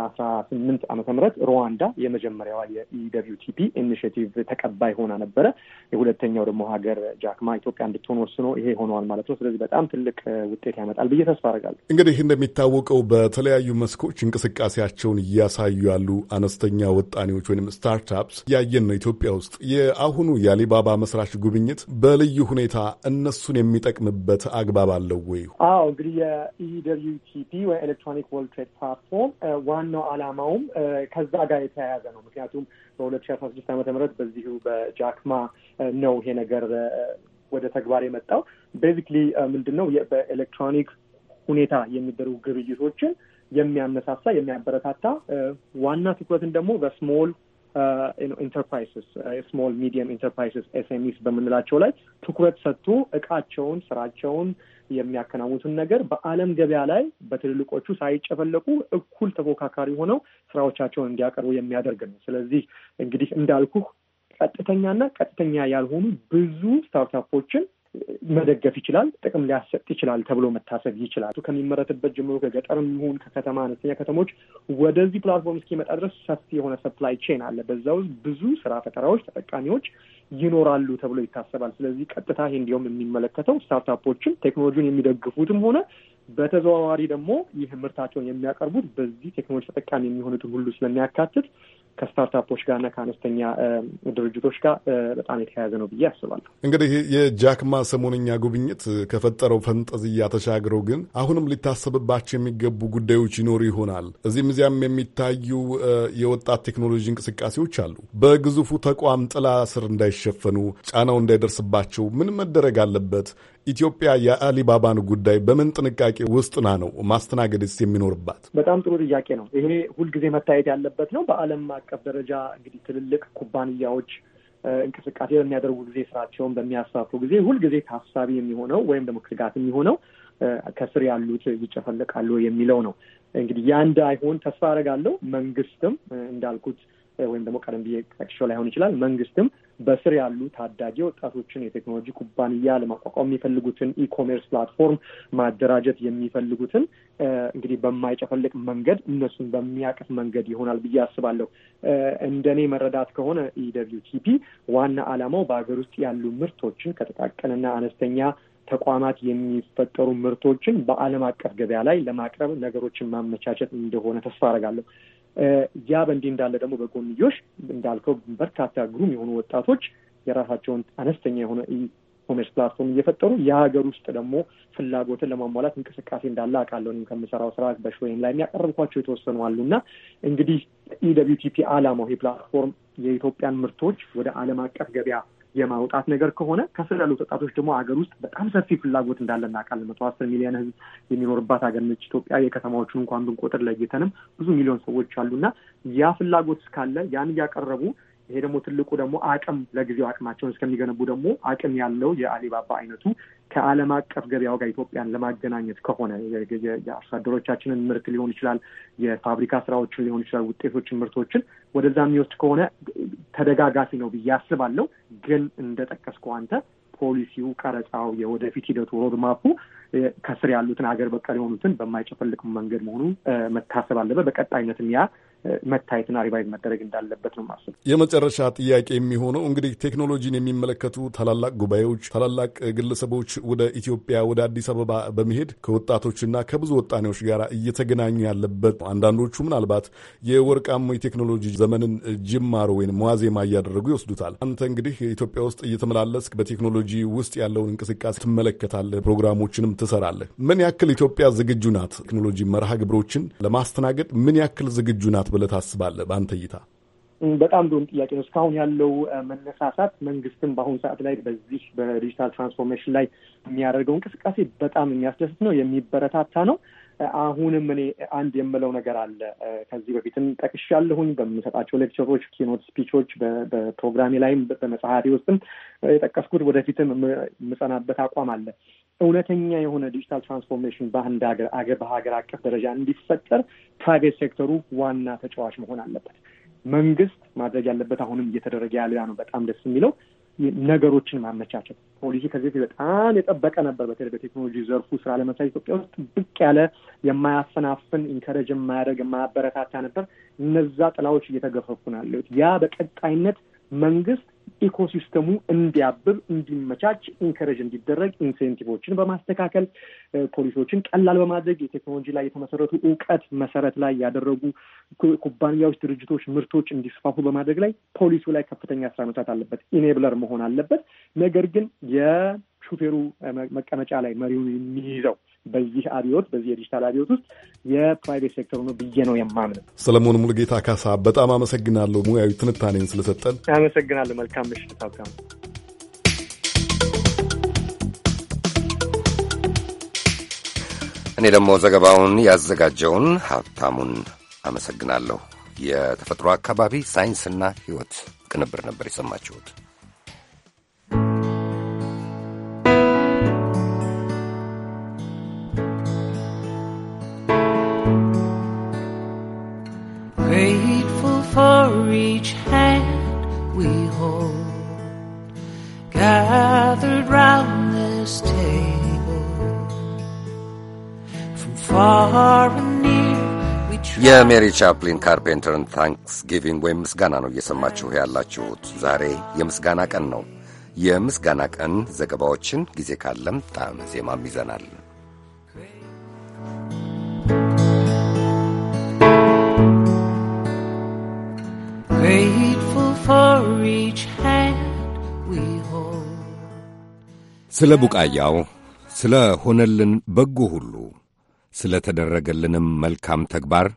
አስራ ስምንት ዓመተ ምህረት ሩዋንዳ የመጀመሪያዋ የኢደብሊው ቲፒ ኢኒሽቲቭ ተቀባይ ሆና ነበረ። የሁለተኛው ደግሞ ሀገር ጃክማ ኢትዮጵያ እንድትሆን ወስኖ ይሄ ሆነዋል ማለት ነው። ስለዚህ በጣም ትልቅ ውጤት ያመጣል ብዬ ተስፋ አደርጋለሁ። እንግዲህ እንደሚታወቀው በተለያዩ መስኮች እንቅስቃሴያቸውን እያሳዩ ያሉ አነስተኛ ወጣኔዎች ወይም ስታርታፕስ እያየን ኢትዮጵያ ውስጥ የአሁኑ የአሊባባ መስራች ጉብኝት በልዩ ሁኔታ እነሱን የሚጠቅምበት አግባብ አለው ወይ? አዎ እንግዲህ የኢደብሊውቲፒ ወይ ኤሌክትሮኒክ ወርልድ ትሬድ ፕላትፎርም ዋናው አላማውም ከዛ ጋር የተያያዘ ነው። ምክንያቱም በሁለት ሺ አስራ ስድስት በዚሁ በጃክማ ነው ይሄ ነገር ወደ ተግባር የመጣው። ቤዚክሊ ምንድን ነው በኤሌክትሮኒክ ሁኔታ የሚደረጉ ግብይቶችን የሚያነሳሳ የሚያበረታታ ዋና ትኩረትን ደግሞ በስሞል ኢንተርፕራይስስ ስሞል ሚዲየም ኢንተርፕራይስስ ኤስኤምኢስ በምንላቸው ላይ ትኩረት ሰጥቶ እቃቸውን፣ ስራቸውን የሚያከናውኑትን ነገር በዓለም ገበያ ላይ በትልልቆቹ ሳይጨፈለቁ እኩል ተፎካካሪ ሆነው ስራዎቻቸውን እንዲያቀርቡ የሚያደርግ ነው። ስለዚህ እንግዲህ እንዳልኩህ ቀጥተኛና ቀጥተኛ ያልሆኑ ብዙ ስታርታፖችን መደገፍ ይችላል፣ ጥቅም ሊያሰጥ ይችላል ተብሎ መታሰብ ይችላል። ከሚመረትበት ጀምሮ ከገጠርም ይሁን ከከተማ አነስተኛ ከተሞች ወደዚህ ፕላትፎርም እስኪመጣ ድረስ ሰፊ የሆነ ሰፕላይ ቼን አለ። በዛ ውስጥ ብዙ ስራ ፈጠራዎች፣ ተጠቃሚዎች ይኖራሉ ተብሎ ይታሰባል። ስለዚህ ቀጥታ ይሄ እንዲያውም የሚመለከተው ስታርታፖችን ቴክኖሎጂውን የሚደግፉትም ሆነ በተዘዋዋሪ ደግሞ ይህ ምርታቸውን የሚያቀርቡት በዚህ ቴክኖሎጂ ተጠቃሚ የሚሆኑትን ሁሉ ስለሚያካትት ከስታርታፖች ጋርና ከአነስተኛ ድርጅቶች ጋር በጣም የተያያዘ ነው ብዬ አስባለሁ። እንግዲህ የጃክማ ሰሞነኛ ጉብኝት ከፈጠረው ፈንጠዝያ ተሻግረው ግን አሁንም ሊታሰብባቸው የሚገቡ ጉዳዮች ይኖሩ ይሆናል። እዚህም እዚያም የሚታዩ የወጣት ቴክኖሎጂ እንቅስቃሴዎች አሉ። በግዙፉ ተቋም ጥላ ስር እንዳይሸፈኑ፣ ጫናው እንዳይደርስባቸው ምን መደረግ አለበት? ኢትዮጵያ የአሊባባን ጉዳይ በምን ጥንቃቄ ውስጥና ነው ማስተናገድስ የሚኖርባት? በጣም ጥሩ ጥያቄ ነው። ይሄ ሁልጊዜ መታየት ያለበት ነው። በዓለም አቀፍ ደረጃ እንግዲህ ትልልቅ ኩባንያዎች እንቅስቃሴ በሚያደርጉ ጊዜ፣ ስራቸውን በሚያስፋፉ ጊዜ ሁልጊዜ ታሳቢ የሚሆነው ወይም ደግሞ ስጋት የሚሆነው ከስር ያሉት ይጨፈለቃሉ የሚለው ነው። እንግዲህ ያ እንዳይሆን ተስፋ አደርጋለሁ። መንግስትም እንዳልኩት ወይም ደግሞ ቀደም ብዬ ጠቅሼው ላይሆን ይችላል። መንግስትም በስር ያሉ ታዳጊ ወጣቶችን የቴክኖሎጂ ኩባንያ ለማቋቋም የሚፈልጉትን ኢኮሜርስ ፕላትፎርም ማደራጀት የሚፈልጉትን እንግዲህ በማይጨፈልቅ መንገድ እነሱን በሚያቅፍ መንገድ ይሆናል ብዬ አስባለሁ። እንደኔ መረዳት ከሆነ ኢደብሊው ቲፒ ዋና ዓላማው በሀገር ውስጥ ያሉ ምርቶችን ከጥቃቅንና አነስተኛ ተቋማት የሚፈጠሩ ምርቶችን በዓለም አቀፍ ገበያ ላይ ለማቅረብ ነገሮችን ማመቻቸት እንደሆነ ተስፋ አደርጋለሁ። ያ በእንዲህ እንዳለ ደግሞ በጎንዮሽ እንዳልከው በርካታ ግሩም የሆኑ ወጣቶች የራሳቸውን አነስተኛ የሆነ ኢኮሜርስ ፕላትፎርም እየፈጠሩ የሀገር ውስጥ ደግሞ ፍላጎትን ለማሟላት እንቅስቃሴ እንዳለ አውቃለሁ። እኔም ከምሰራው ስራ በሾይም ላይ የሚያቀርብኳቸው የተወሰኑ አሉ እና እንግዲህ ኢደብዩቲፒ ዓላማው ይህ ፕላትፎርም የኢትዮጵያን ምርቶች ወደ ዓለም አቀፍ ገበያ የማውጣት ነገር ከሆነ ከስር ያሉት ወጣቶች ደግሞ ሀገር ውስጥ በጣም ሰፊ ፍላጎት እንዳለ እናውቃለን። መቶ አስር ሚሊዮን ህዝብ የሚኖርባት ሀገር ነች ኢትዮጵያ። የከተማዎቹን እንኳን ብንቆጥር ለይተንም ብዙ ሚሊዮን ሰዎች አሉና ያ ፍላጎት እስካለ ያን እያቀረቡ ይሄ ደግሞ ትልቁ ደግሞ አቅም ለጊዜው አቅማቸውን እስከሚገነቡ ደግሞ አቅም ያለው የአሊባባ አይነቱ ከዓለም አቀፍ ገበያው ጋር ኢትዮጵያን ለማገናኘት ከሆነ የአርሶ አደሮቻችንን ምርት ሊሆን ይችላል፣ የፋብሪካ ስራዎችን ሊሆን ይችላል፣ ውጤቶችን፣ ምርቶችን ወደዛ የሚወስድ ከሆነ ተደጋጋፊ ነው ብዬ አስባለሁ። ግን እንደጠቀስከው አንተ ፖሊሲው፣ ቀረጻው፣ የወደፊት ሂደቱ ሮድማፑ ከስር ያሉትን ሀገር በቀል የሆኑትን በማይጨፈልቅ መንገድ መሆኑ መታሰብ አለበት። በቀጣይነትም ያ መታየትና ሪቫይቭ መደረግ እንዳለበት ነው ማስብ። የመጨረሻ ጥያቄ የሚሆነው እንግዲህ ቴክኖሎጂን የሚመለከቱ ታላላቅ ጉባኤዎች፣ ታላላቅ ግለሰቦች ወደ ኢትዮጵያ ወደ አዲስ አበባ በመሄድ ከወጣቶችና ከብዙ ወጣኔዎች ጋር እየተገናኙ ያለበት አንዳንዶቹ ምናልባት የወርቃሙ የቴክኖሎጂ ዘመንን ጅማሮ ወይም ዋዜማ እያደረጉ ይወስዱታል። አንተ እንግዲህ ኢትዮጵያ ውስጥ እየተመላለስክ በቴክኖሎጂ ውስጥ ያለውን እንቅስቃሴ ትመለከታለህ፣ ፕሮግራሞችንም ትሰራለህ። ምን ያክል ኢትዮጵያ ዝግጁ ናት? ቴክኖሎጂ መርሃ ግብሮችን ለማስተናገድ ምን ያክል ዝግጁ ናት? ብለህ ታስባለህ በአንተ እይታ? በጣም ድሮም ጥያቄ ነው። እስካሁን ያለው መነሳሳት መንግስትም በአሁኑ ሰዓት ላይ በዚህ በዲጂታል ትራንስፎርሜሽን ላይ የሚያደርገው እንቅስቃሴ በጣም የሚያስደስት ነው፣ የሚበረታታ ነው። አሁንም እኔ አንድ የምለው ነገር አለ። ከዚህ በፊትም ጠቅሻለሁኝ በምሰጣቸው ሌክቸሮች፣ ኪኖት ስፒቾች፣ በፕሮግራሜ ላይም በመጽሐፌ ውስጥም የጠቀስኩት ወደፊትም የምጸናበት አቋም አለ። እውነተኛ የሆነ ዲጂታል ትራንስፎርሜሽን በአንድ ሀገር በሀገር አቀፍ ደረጃ እንዲፈጠር ፕራይቬት ሴክተሩ ዋና ተጫዋች መሆን አለበት። መንግስት ማድረግ ያለበት አሁንም እየተደረገ ያለ ነው። በጣም ደስ የሚለው ነገሮችን ማመቻቸት ፖሊሲ ከዚህ በፊት በጣም የጠበቀ ነበር። በተለይ በቴክኖሎጂ ዘርፉ ስራ ለመስራት ኢትዮጵያ ውስጥ ብቅ ያለ የማያፈናፍን ኢንከረጅ የማያደርግ የማያበረታታ ነበር። እነዛ ጥላዎች እየተገፈፉ ናቸው። ያ በቀጣይነት መንግስት ኢኮሲስተሙ እንዲያብብ እንዲመቻች ኢንከሬጅ እንዲደረግ ኢንሴንቲቮችን በማስተካከል ፖሊሲዎችን ቀላል በማድረግ የቴክኖሎጂ ላይ የተመሰረቱ እውቀት መሰረት ላይ ያደረጉ ኩባንያዎች፣ ድርጅቶች፣ ምርቶች እንዲስፋፉ በማድረግ ላይ ፖሊሲው ላይ ከፍተኛ ስራ መስራት አለበት። ኢኔብለር መሆን አለበት። ነገር ግን የሹፌሩ መቀመጫ ላይ መሪውን የሚይዘው በዚህ አብዮት በዚህ የዲጂታል አብዮት ውስጥ የፕራይቬት ሴክተሩ ነው ብዬ ነው የማምነው። ሰለሞን ሙልጌታ ካሳ በጣም አመሰግናለሁ፣ ሙያዊ ትንታኔን ስለሰጠን አመሰግናለሁ። መልካም ምሽት ሀብታሙ። እኔ ደግሞ ዘገባውን ያዘጋጀውን ሀብታሙን አመሰግናለሁ። የተፈጥሮ አካባቢ ሳይንስና ሕይወት ቅንብር ነበር የሰማችሁት። each hand we hold, gathered round this table from far and near. የሜሪ ቻፕሊን ካርፔንተርን ታንክስጊቪንግ ወይም ምስጋና ነው እየሰማችሁ ያላችሁት። ዛሬ የምስጋና ቀን ነው። የምስጋና ቀን ዘገባዎችን ጊዜ ካለም ጣዕመ ዜማም ይዘናል። ስለ ቡቃያው ስለ ሆነልን በጎ ሁሉ ስለ ተደረገልንም መልካም ተግባር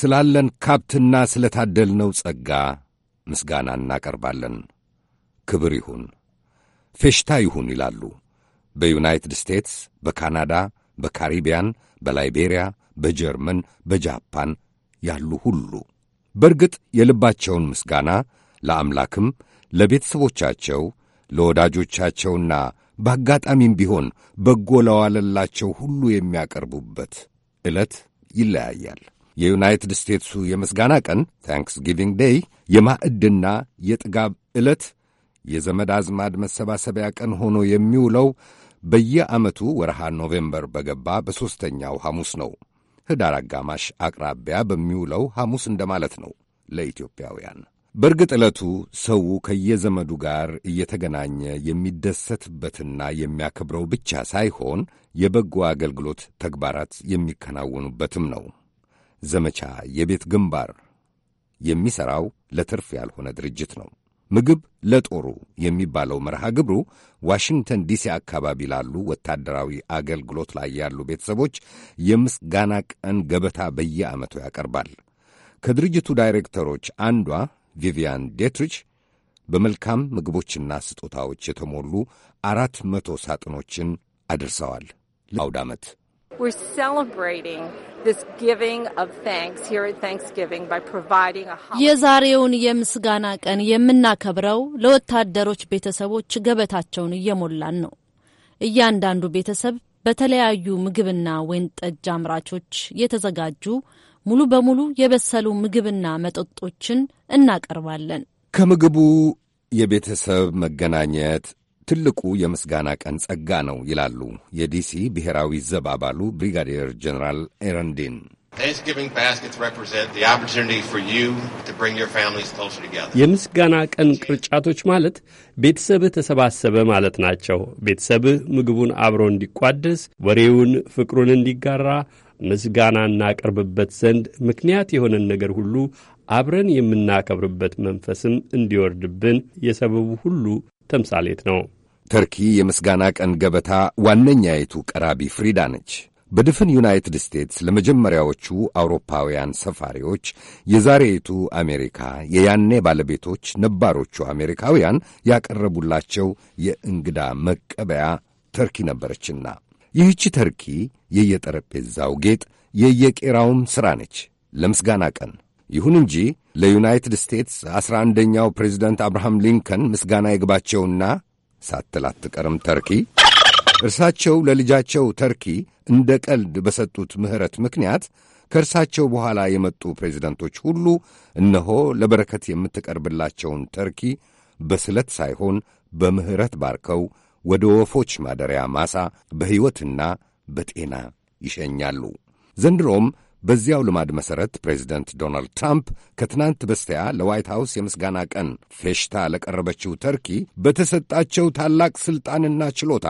ስላለን ካብትና ስለ ታደልነው ጸጋ ምስጋና እናቀርባለን። ክብር ይሁን፣ ፌሽታ ይሁን ይላሉ በዩናይትድ ስቴትስ፣ በካናዳ፣ በካሪቢያን፣ በላይቤሪያ፣ በጀርመን፣ በጃፓን ያሉ ሁሉ። በርግጥ የልባቸውን ምስጋና ለአምላክም ለቤተሰቦቻቸው ለወዳጆቻቸውና በአጋጣሚም ቢሆን በጎ ለዋለላቸው ሁሉ የሚያቀርቡበት ዕለት ይለያያል። የዩናይትድ ስቴትሱ የምስጋና ቀን ታንክስጊቪንግ ጊቪንግ ዴይ፣ የማዕድና የጥጋብ ዕለት፣ የዘመድ አዝማድ መሰባሰቢያ ቀን ሆኖ የሚውለው በየዓመቱ ወርሃ ኖቬምበር በገባ በሦስተኛው ሐሙስ ነው። ኅዳር አጋማሽ አቅራቢያ በሚውለው ሐሙስ እንደማለት ነው ለኢትዮጵያውያን። በእርግጥ ዕለቱ ሰው ከየዘመዱ ጋር እየተገናኘ የሚደሰትበትና የሚያከብረው ብቻ ሳይሆን የበጎ አገልግሎት ተግባራት የሚከናወኑበትም ነው። ዘመቻ የቤት ግንባር የሚሠራው ለትርፍ ያልሆነ ድርጅት ነው። ምግብ ለጦሩ የሚባለው መርሃ ግብሩ ዋሽንግተን ዲሲ አካባቢ ላሉ ወታደራዊ አገልግሎት ላይ ያሉ ቤተሰቦች የምስጋና ቀን ገበታ በየዓመቱ ያቀርባል። ከድርጅቱ ዳይሬክተሮች አንዷ ቪቪያን ዴትሪች በመልካም ምግቦችና ስጦታዎች የተሞሉ አራት መቶ ሳጥኖችን አድርሰዋል። ለአውድ ዓመት የዛሬውን የምስጋና ቀን የምናከብረው ለወታደሮች ቤተሰቦች ገበታቸውን እየሞላን ነው። እያንዳንዱ ቤተሰብ በተለያዩ ምግብና ወይን ጠጅ አምራቾች የተዘጋጁ ሙሉ በሙሉ የበሰሉ ምግብና መጠጦችን እናቀርባለን። ከምግቡ የቤተሰብ መገናኘት ትልቁ የምስጋና ቀን ጸጋ ነው ይላሉ የዲሲ ብሔራዊ ዘብ አባሉ ብሪጋዴር ጀኔራል ኤረንዲን። የምስጋና ቀን ቅርጫቶች ማለት ቤተሰብህ ተሰባሰበ ማለት ናቸው። ቤተሰብህ ምግቡን አብሮ እንዲቋደስ፣ ወሬውን፣ ፍቅሩን እንዲጋራ፣ ምስጋና እናቀርብበት ዘንድ ምክንያት የሆነን ነገር ሁሉ አብረን የምናከብርበት መንፈስም እንዲወርድብን የሰበቡ ሁሉ ተምሳሌት ነው። ተርኪ የምስጋና ቀን ገበታ ዋነኛይቱ ቀራቢ ፍሪዳ ነች። በድፍን ዩናይትድ ስቴትስ ለመጀመሪያዎቹ አውሮፓውያን ሰፋሪዎች የዛሬይቱ አሜሪካ የያኔ ባለቤቶች ነባሮቹ አሜሪካውያን ያቀረቡላቸው የእንግዳ መቀበያ ተርኪ ነበረችና ይህቺ ተርኪ የየጠረጴዛው ጌጥ የየቄራውም ሥራ ነች ለምስጋና ቀን። ይሁን እንጂ ለዩናይትድ ስቴትስ ዐሥራ አንደኛው ፕሬዚደንት አብርሃም ሊንከን ምስጋና ይግባቸውና ሳትላት ቀርም ተርኪ። እርሳቸው ለልጃቸው ተርኪ እንደ ቀልድ በሰጡት ምሕረት ምክንያት ከእርሳቸው በኋላ የመጡ ፕሬዚደንቶች ሁሉ እነሆ ለበረከት የምትቀርብላቸውን ተርኪ በስለት ሳይሆን በምሕረት ባርከው ወደ ወፎች ማደሪያ ማሳ በሕይወትና በጤና ይሸኛሉ። ዘንድሮም በዚያው ልማድ መሠረት ፕሬዚደንት ዶናልድ ትራምፕ ከትናንት በስቲያ ለዋይት ሐውስ የምስጋና ቀን ፌሽታ ለቀረበችው ተርኪ በተሰጣቸው ታላቅ ሥልጣንና ችሎታ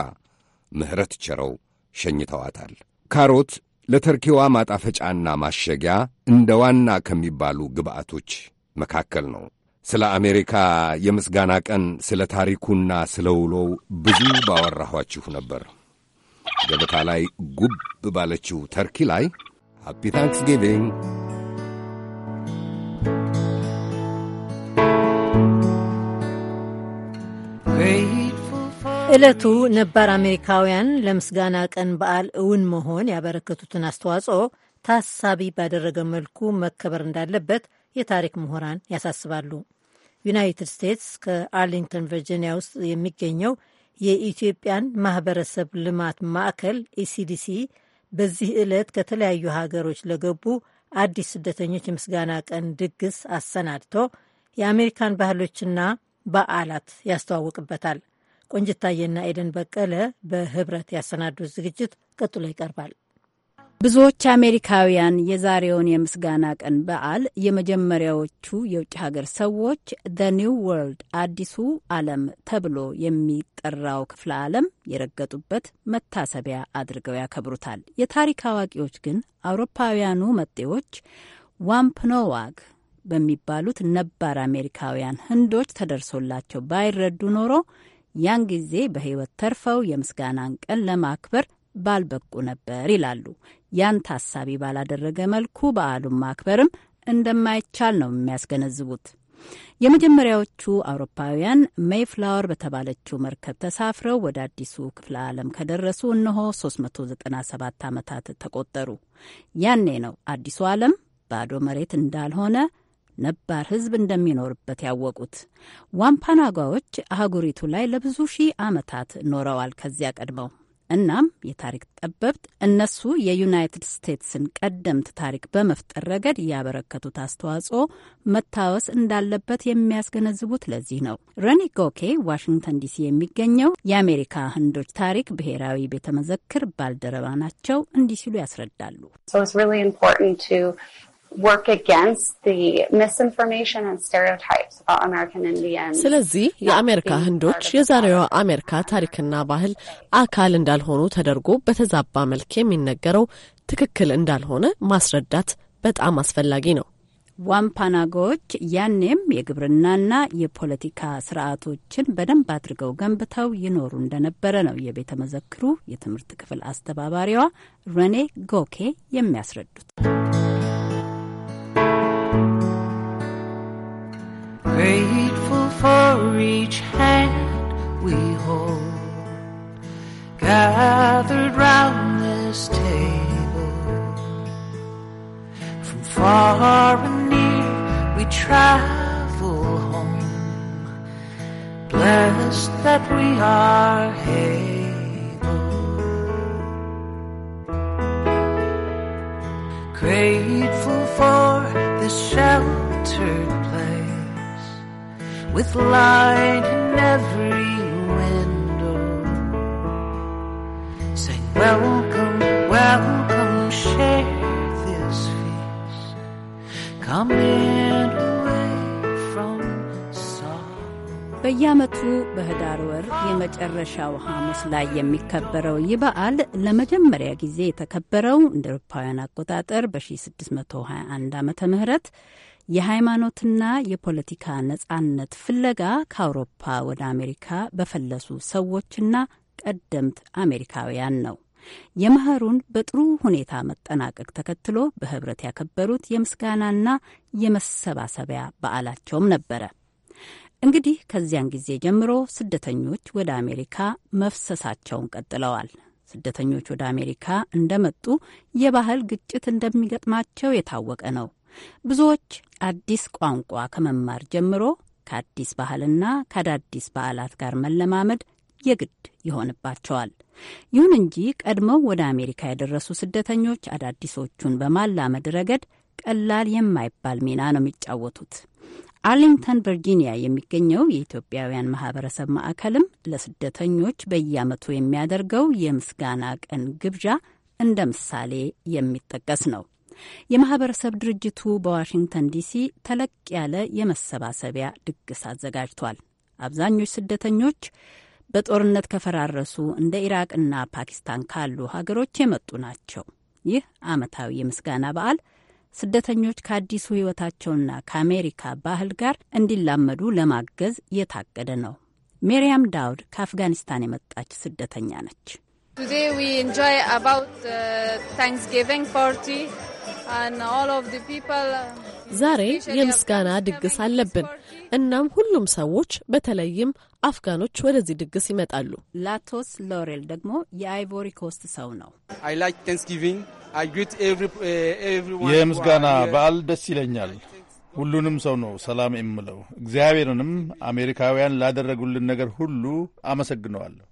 ምሕረት ቸረው ሸኝተዋታል። ካሮት ለተርኪዋ ማጣፈጫና ማሸጊያ እንደ ዋና ከሚባሉ ግብአቶች መካከል ነው። ስለ አሜሪካ የምስጋና ቀን ስለ ታሪኩና ስለ ውሎው ብዙ ባወራኋችሁ ነበር። ገበታ ላይ ጉብ ባለችው ተርኪ ላይ ሃፒ ታንክስጊቪንግ ዕለቱ ነባር አሜሪካውያን ለምስጋና ቀን በዓል እውን መሆን ያበረከቱትን አስተዋጽኦ ታሳቢ ባደረገ መልኩ መከበር እንዳለበት የታሪክ ምሁራን ያሳስባሉ። ዩናይትድ ስቴትስ ከአርሊንግተን ቨርጂኒያ ውስጥ የሚገኘው የኢትዮጵያን ማህበረሰብ ልማት ማዕከል ኢሲዲሲ በዚህ ዕለት ከተለያዩ ሀገሮች ለገቡ አዲስ ስደተኞች የምስጋና ቀን ድግስ አሰናድቶ የአሜሪካን ባህሎችና በዓላት ያስተዋውቅበታል። ቆንጅታየና ኤደን በቀለ በህብረት ያሰናዱት ዝግጅት ቀጥሎ ይቀርባል። ብዙዎች አሜሪካውያን የዛሬውን የምስጋና ቀን በዓል የመጀመሪያዎቹ የውጭ ሀገር ሰዎች ዘ ኒው ወርልድ አዲሱ ዓለም ተብሎ የሚጠራው ክፍለ ዓለም የረገጡበት መታሰቢያ አድርገው ያከብሩታል። የታሪክ አዋቂዎች ግን አውሮፓውያኑ መጤዎች ዋምፕኖዋግ በሚባሉት ነባር አሜሪካውያን ህንዶች ተደርሶላቸው ባይረዱ ኖሮ ያን ጊዜ በህይወት ተርፈው የምስጋናን ቀን ለማክበር ባልበቁ ነበር ይላሉ። ያን ታሳቢ ባላደረገ መልኩ በዓሉን ማክበርም እንደማይቻል ነው የሚያስገነዝቡት። የመጀመሪያዎቹ አውሮፓውያን ሜይፍላወር በተባለችው መርከብ ተሳፍረው ወደ አዲሱ ክፍለ ዓለም ከደረሱ እነሆ 397 ዓመታት ተቆጠሩ። ያኔ ነው አዲሱ ዓለም ባዶ መሬት እንዳልሆነ ነባር ሕዝብ እንደሚኖርበት ያወቁት። ዋምፓናጓዎች አህጉሪቱ ላይ ለብዙ ሺህ ዓመታት ኖረዋል ከዚያ ቀድመው እናም የታሪክ ጠበብት እነሱ የዩናይትድ ስቴትስን ቀደምት ታሪክ በመፍጠር ረገድ ያበረከቱት አስተዋጽኦ መታወስ እንዳለበት የሚያስገነዝቡት ለዚህ ነው። ረኒ ጎኬ ዋሽንግተን ዲሲ የሚገኘው የአሜሪካ ህንዶች ታሪክ ብሔራዊ ቤተ መዘክር ባልደረባ ናቸው። እንዲህ ሲሉ ያስረዳሉ። ስለዚህ የአሜሪካ ህንዶች የዛሬዋ አሜሪካ ታሪክና ባህል አካል እንዳልሆኑ ተደርጎ በተዛባ መልክ የሚነገረው ትክክል እንዳልሆነ ማስረዳት በጣም አስፈላጊ ነው። ዋምፓናጎዎች ያኔም የግብርናና የፖለቲካ ስርዓቶችን በደንብ አድርገው ገንብተው ይኖሩ እንደነበረ ነው የቤተ መዘክሩ የትምህርት ክፍል አስተባባሪዋ ረኔ ጎኬ የሚያስረዱት። for each hand we hold. Gathered round this table, from far and near we travel home. Blessed that we are able. Grateful for this sheltered place with light in every window, Say, Welcome, welcome, share this feast. Come in away from sorrow. በየዓመቱ በህዳር ወር የመጨረሻው ሐሙስ ላይ የሚከበረው ይህ በዓል ለመጀመሪያ ጊዜ የተከበረው እንደ አውሮፓውያን አቆጣጠር በ1621 ዓ ም የሃይማኖትና የፖለቲካ ነጻነት ፍለጋ ከአውሮፓ ወደ አሜሪካ በፈለሱ ሰዎችና ቀደምት አሜሪካውያን ነው። የመኸሩን በጥሩ ሁኔታ መጠናቀቅ ተከትሎ በህብረት ያከበሩት የምስጋናና የመሰባሰቢያ በዓላቸውም ነበረ። እንግዲህ ከዚያን ጊዜ ጀምሮ ስደተኞች ወደ አሜሪካ መፍሰሳቸውን ቀጥለዋል። ስደተኞች ወደ አሜሪካ እንደመጡ የባህል ግጭት እንደሚገጥማቸው የታወቀ ነው። ብዙዎች አዲስ ቋንቋ ከመማር ጀምሮ ከአዲስ ባህልና ከአዳዲስ በዓላት ጋር መለማመድ የግድ ይሆንባቸዋል። ይሁን እንጂ ቀድመው ወደ አሜሪካ የደረሱ ስደተኞች አዳዲሶቹን በማላመድ ረገድ ቀላል የማይባል ሚና ነው የሚጫወቱት። አርሊንግተን ቨርጂኒያ የሚገኘው የኢትዮጵያውያን ማህበረሰብ ማዕከልም ለስደተኞች በየዓመቱ የሚያደርገው የምስጋና ቀን ግብዣ እንደ ምሳሌ የሚጠቀስ ነው። የማህበረሰብ ድርጅቱ በዋሽንግተን ዲሲ ተለቅ ያለ የመሰባሰቢያ ድግስ አዘጋጅቷል። አብዛኞቹ ስደተኞች በጦርነት ከፈራረሱ እንደ ኢራቅና ፓኪስታን ካሉ ሀገሮች የመጡ ናቸው። ይህ ዓመታዊ የምስጋና በዓል ስደተኞች ከአዲሱ ሕይወታቸውና ከአሜሪካ ባህል ጋር እንዲላመዱ ለማገዝ የታቀደ ነው። ሜሪያም ዳውድ ከአፍጋኒስታን የመጣች ስደተኛ ነች። uh, Uh, ዛሬ የምስጋና ድግስ አለብን። እናም ሁሉም ሰዎች በተለይም አፍጋኖች ወደዚህ ድግስ ይመጣሉ። ላቶስ ሎሬል ደግሞ የአይቮሪ ኮስት ሰው ነው። uh, የምስጋና በዓል ደስ ይለኛል። ሁሉንም ሰው ነው ሰላም የምለው። እግዚአብሔርንም አሜሪካውያን ላደረጉልን ነገር ሁሉ አመሰግነዋለሁ።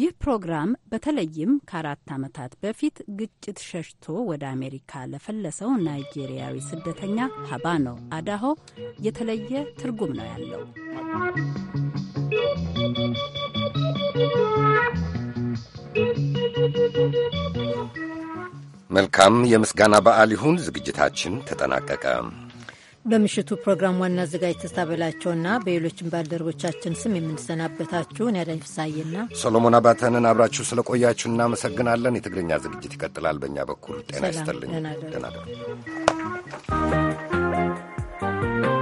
ይህ ፕሮግራም በተለይም ከአራት ዓመታት በፊት ግጭት ሸሽቶ ወደ አሜሪካ ለፈለሰው ናይጄሪያዊ ስደተኛ ሀባኖ አዳሆ የተለየ ትርጉም ነው ያለው። መልካም የምስጋና በዓል ይሁን። ዝግጅታችን ተጠናቀቀ። በምሽቱ ፕሮግራም ዋና አዘጋጅ ተስታበላቸውና በሌሎችም ባልደረቦቻችን ስም የምንሰናበታችሁን ያዳኝ ፍሳዬና ሰሎሞን አባተንን አብራችሁ ስለቆያችሁ እናመሰግናለን። የትግርኛ ዝግጅት ይቀጥላል። በእኛ በኩል ጤና ይስጥልኝ። ደህና ደሩ።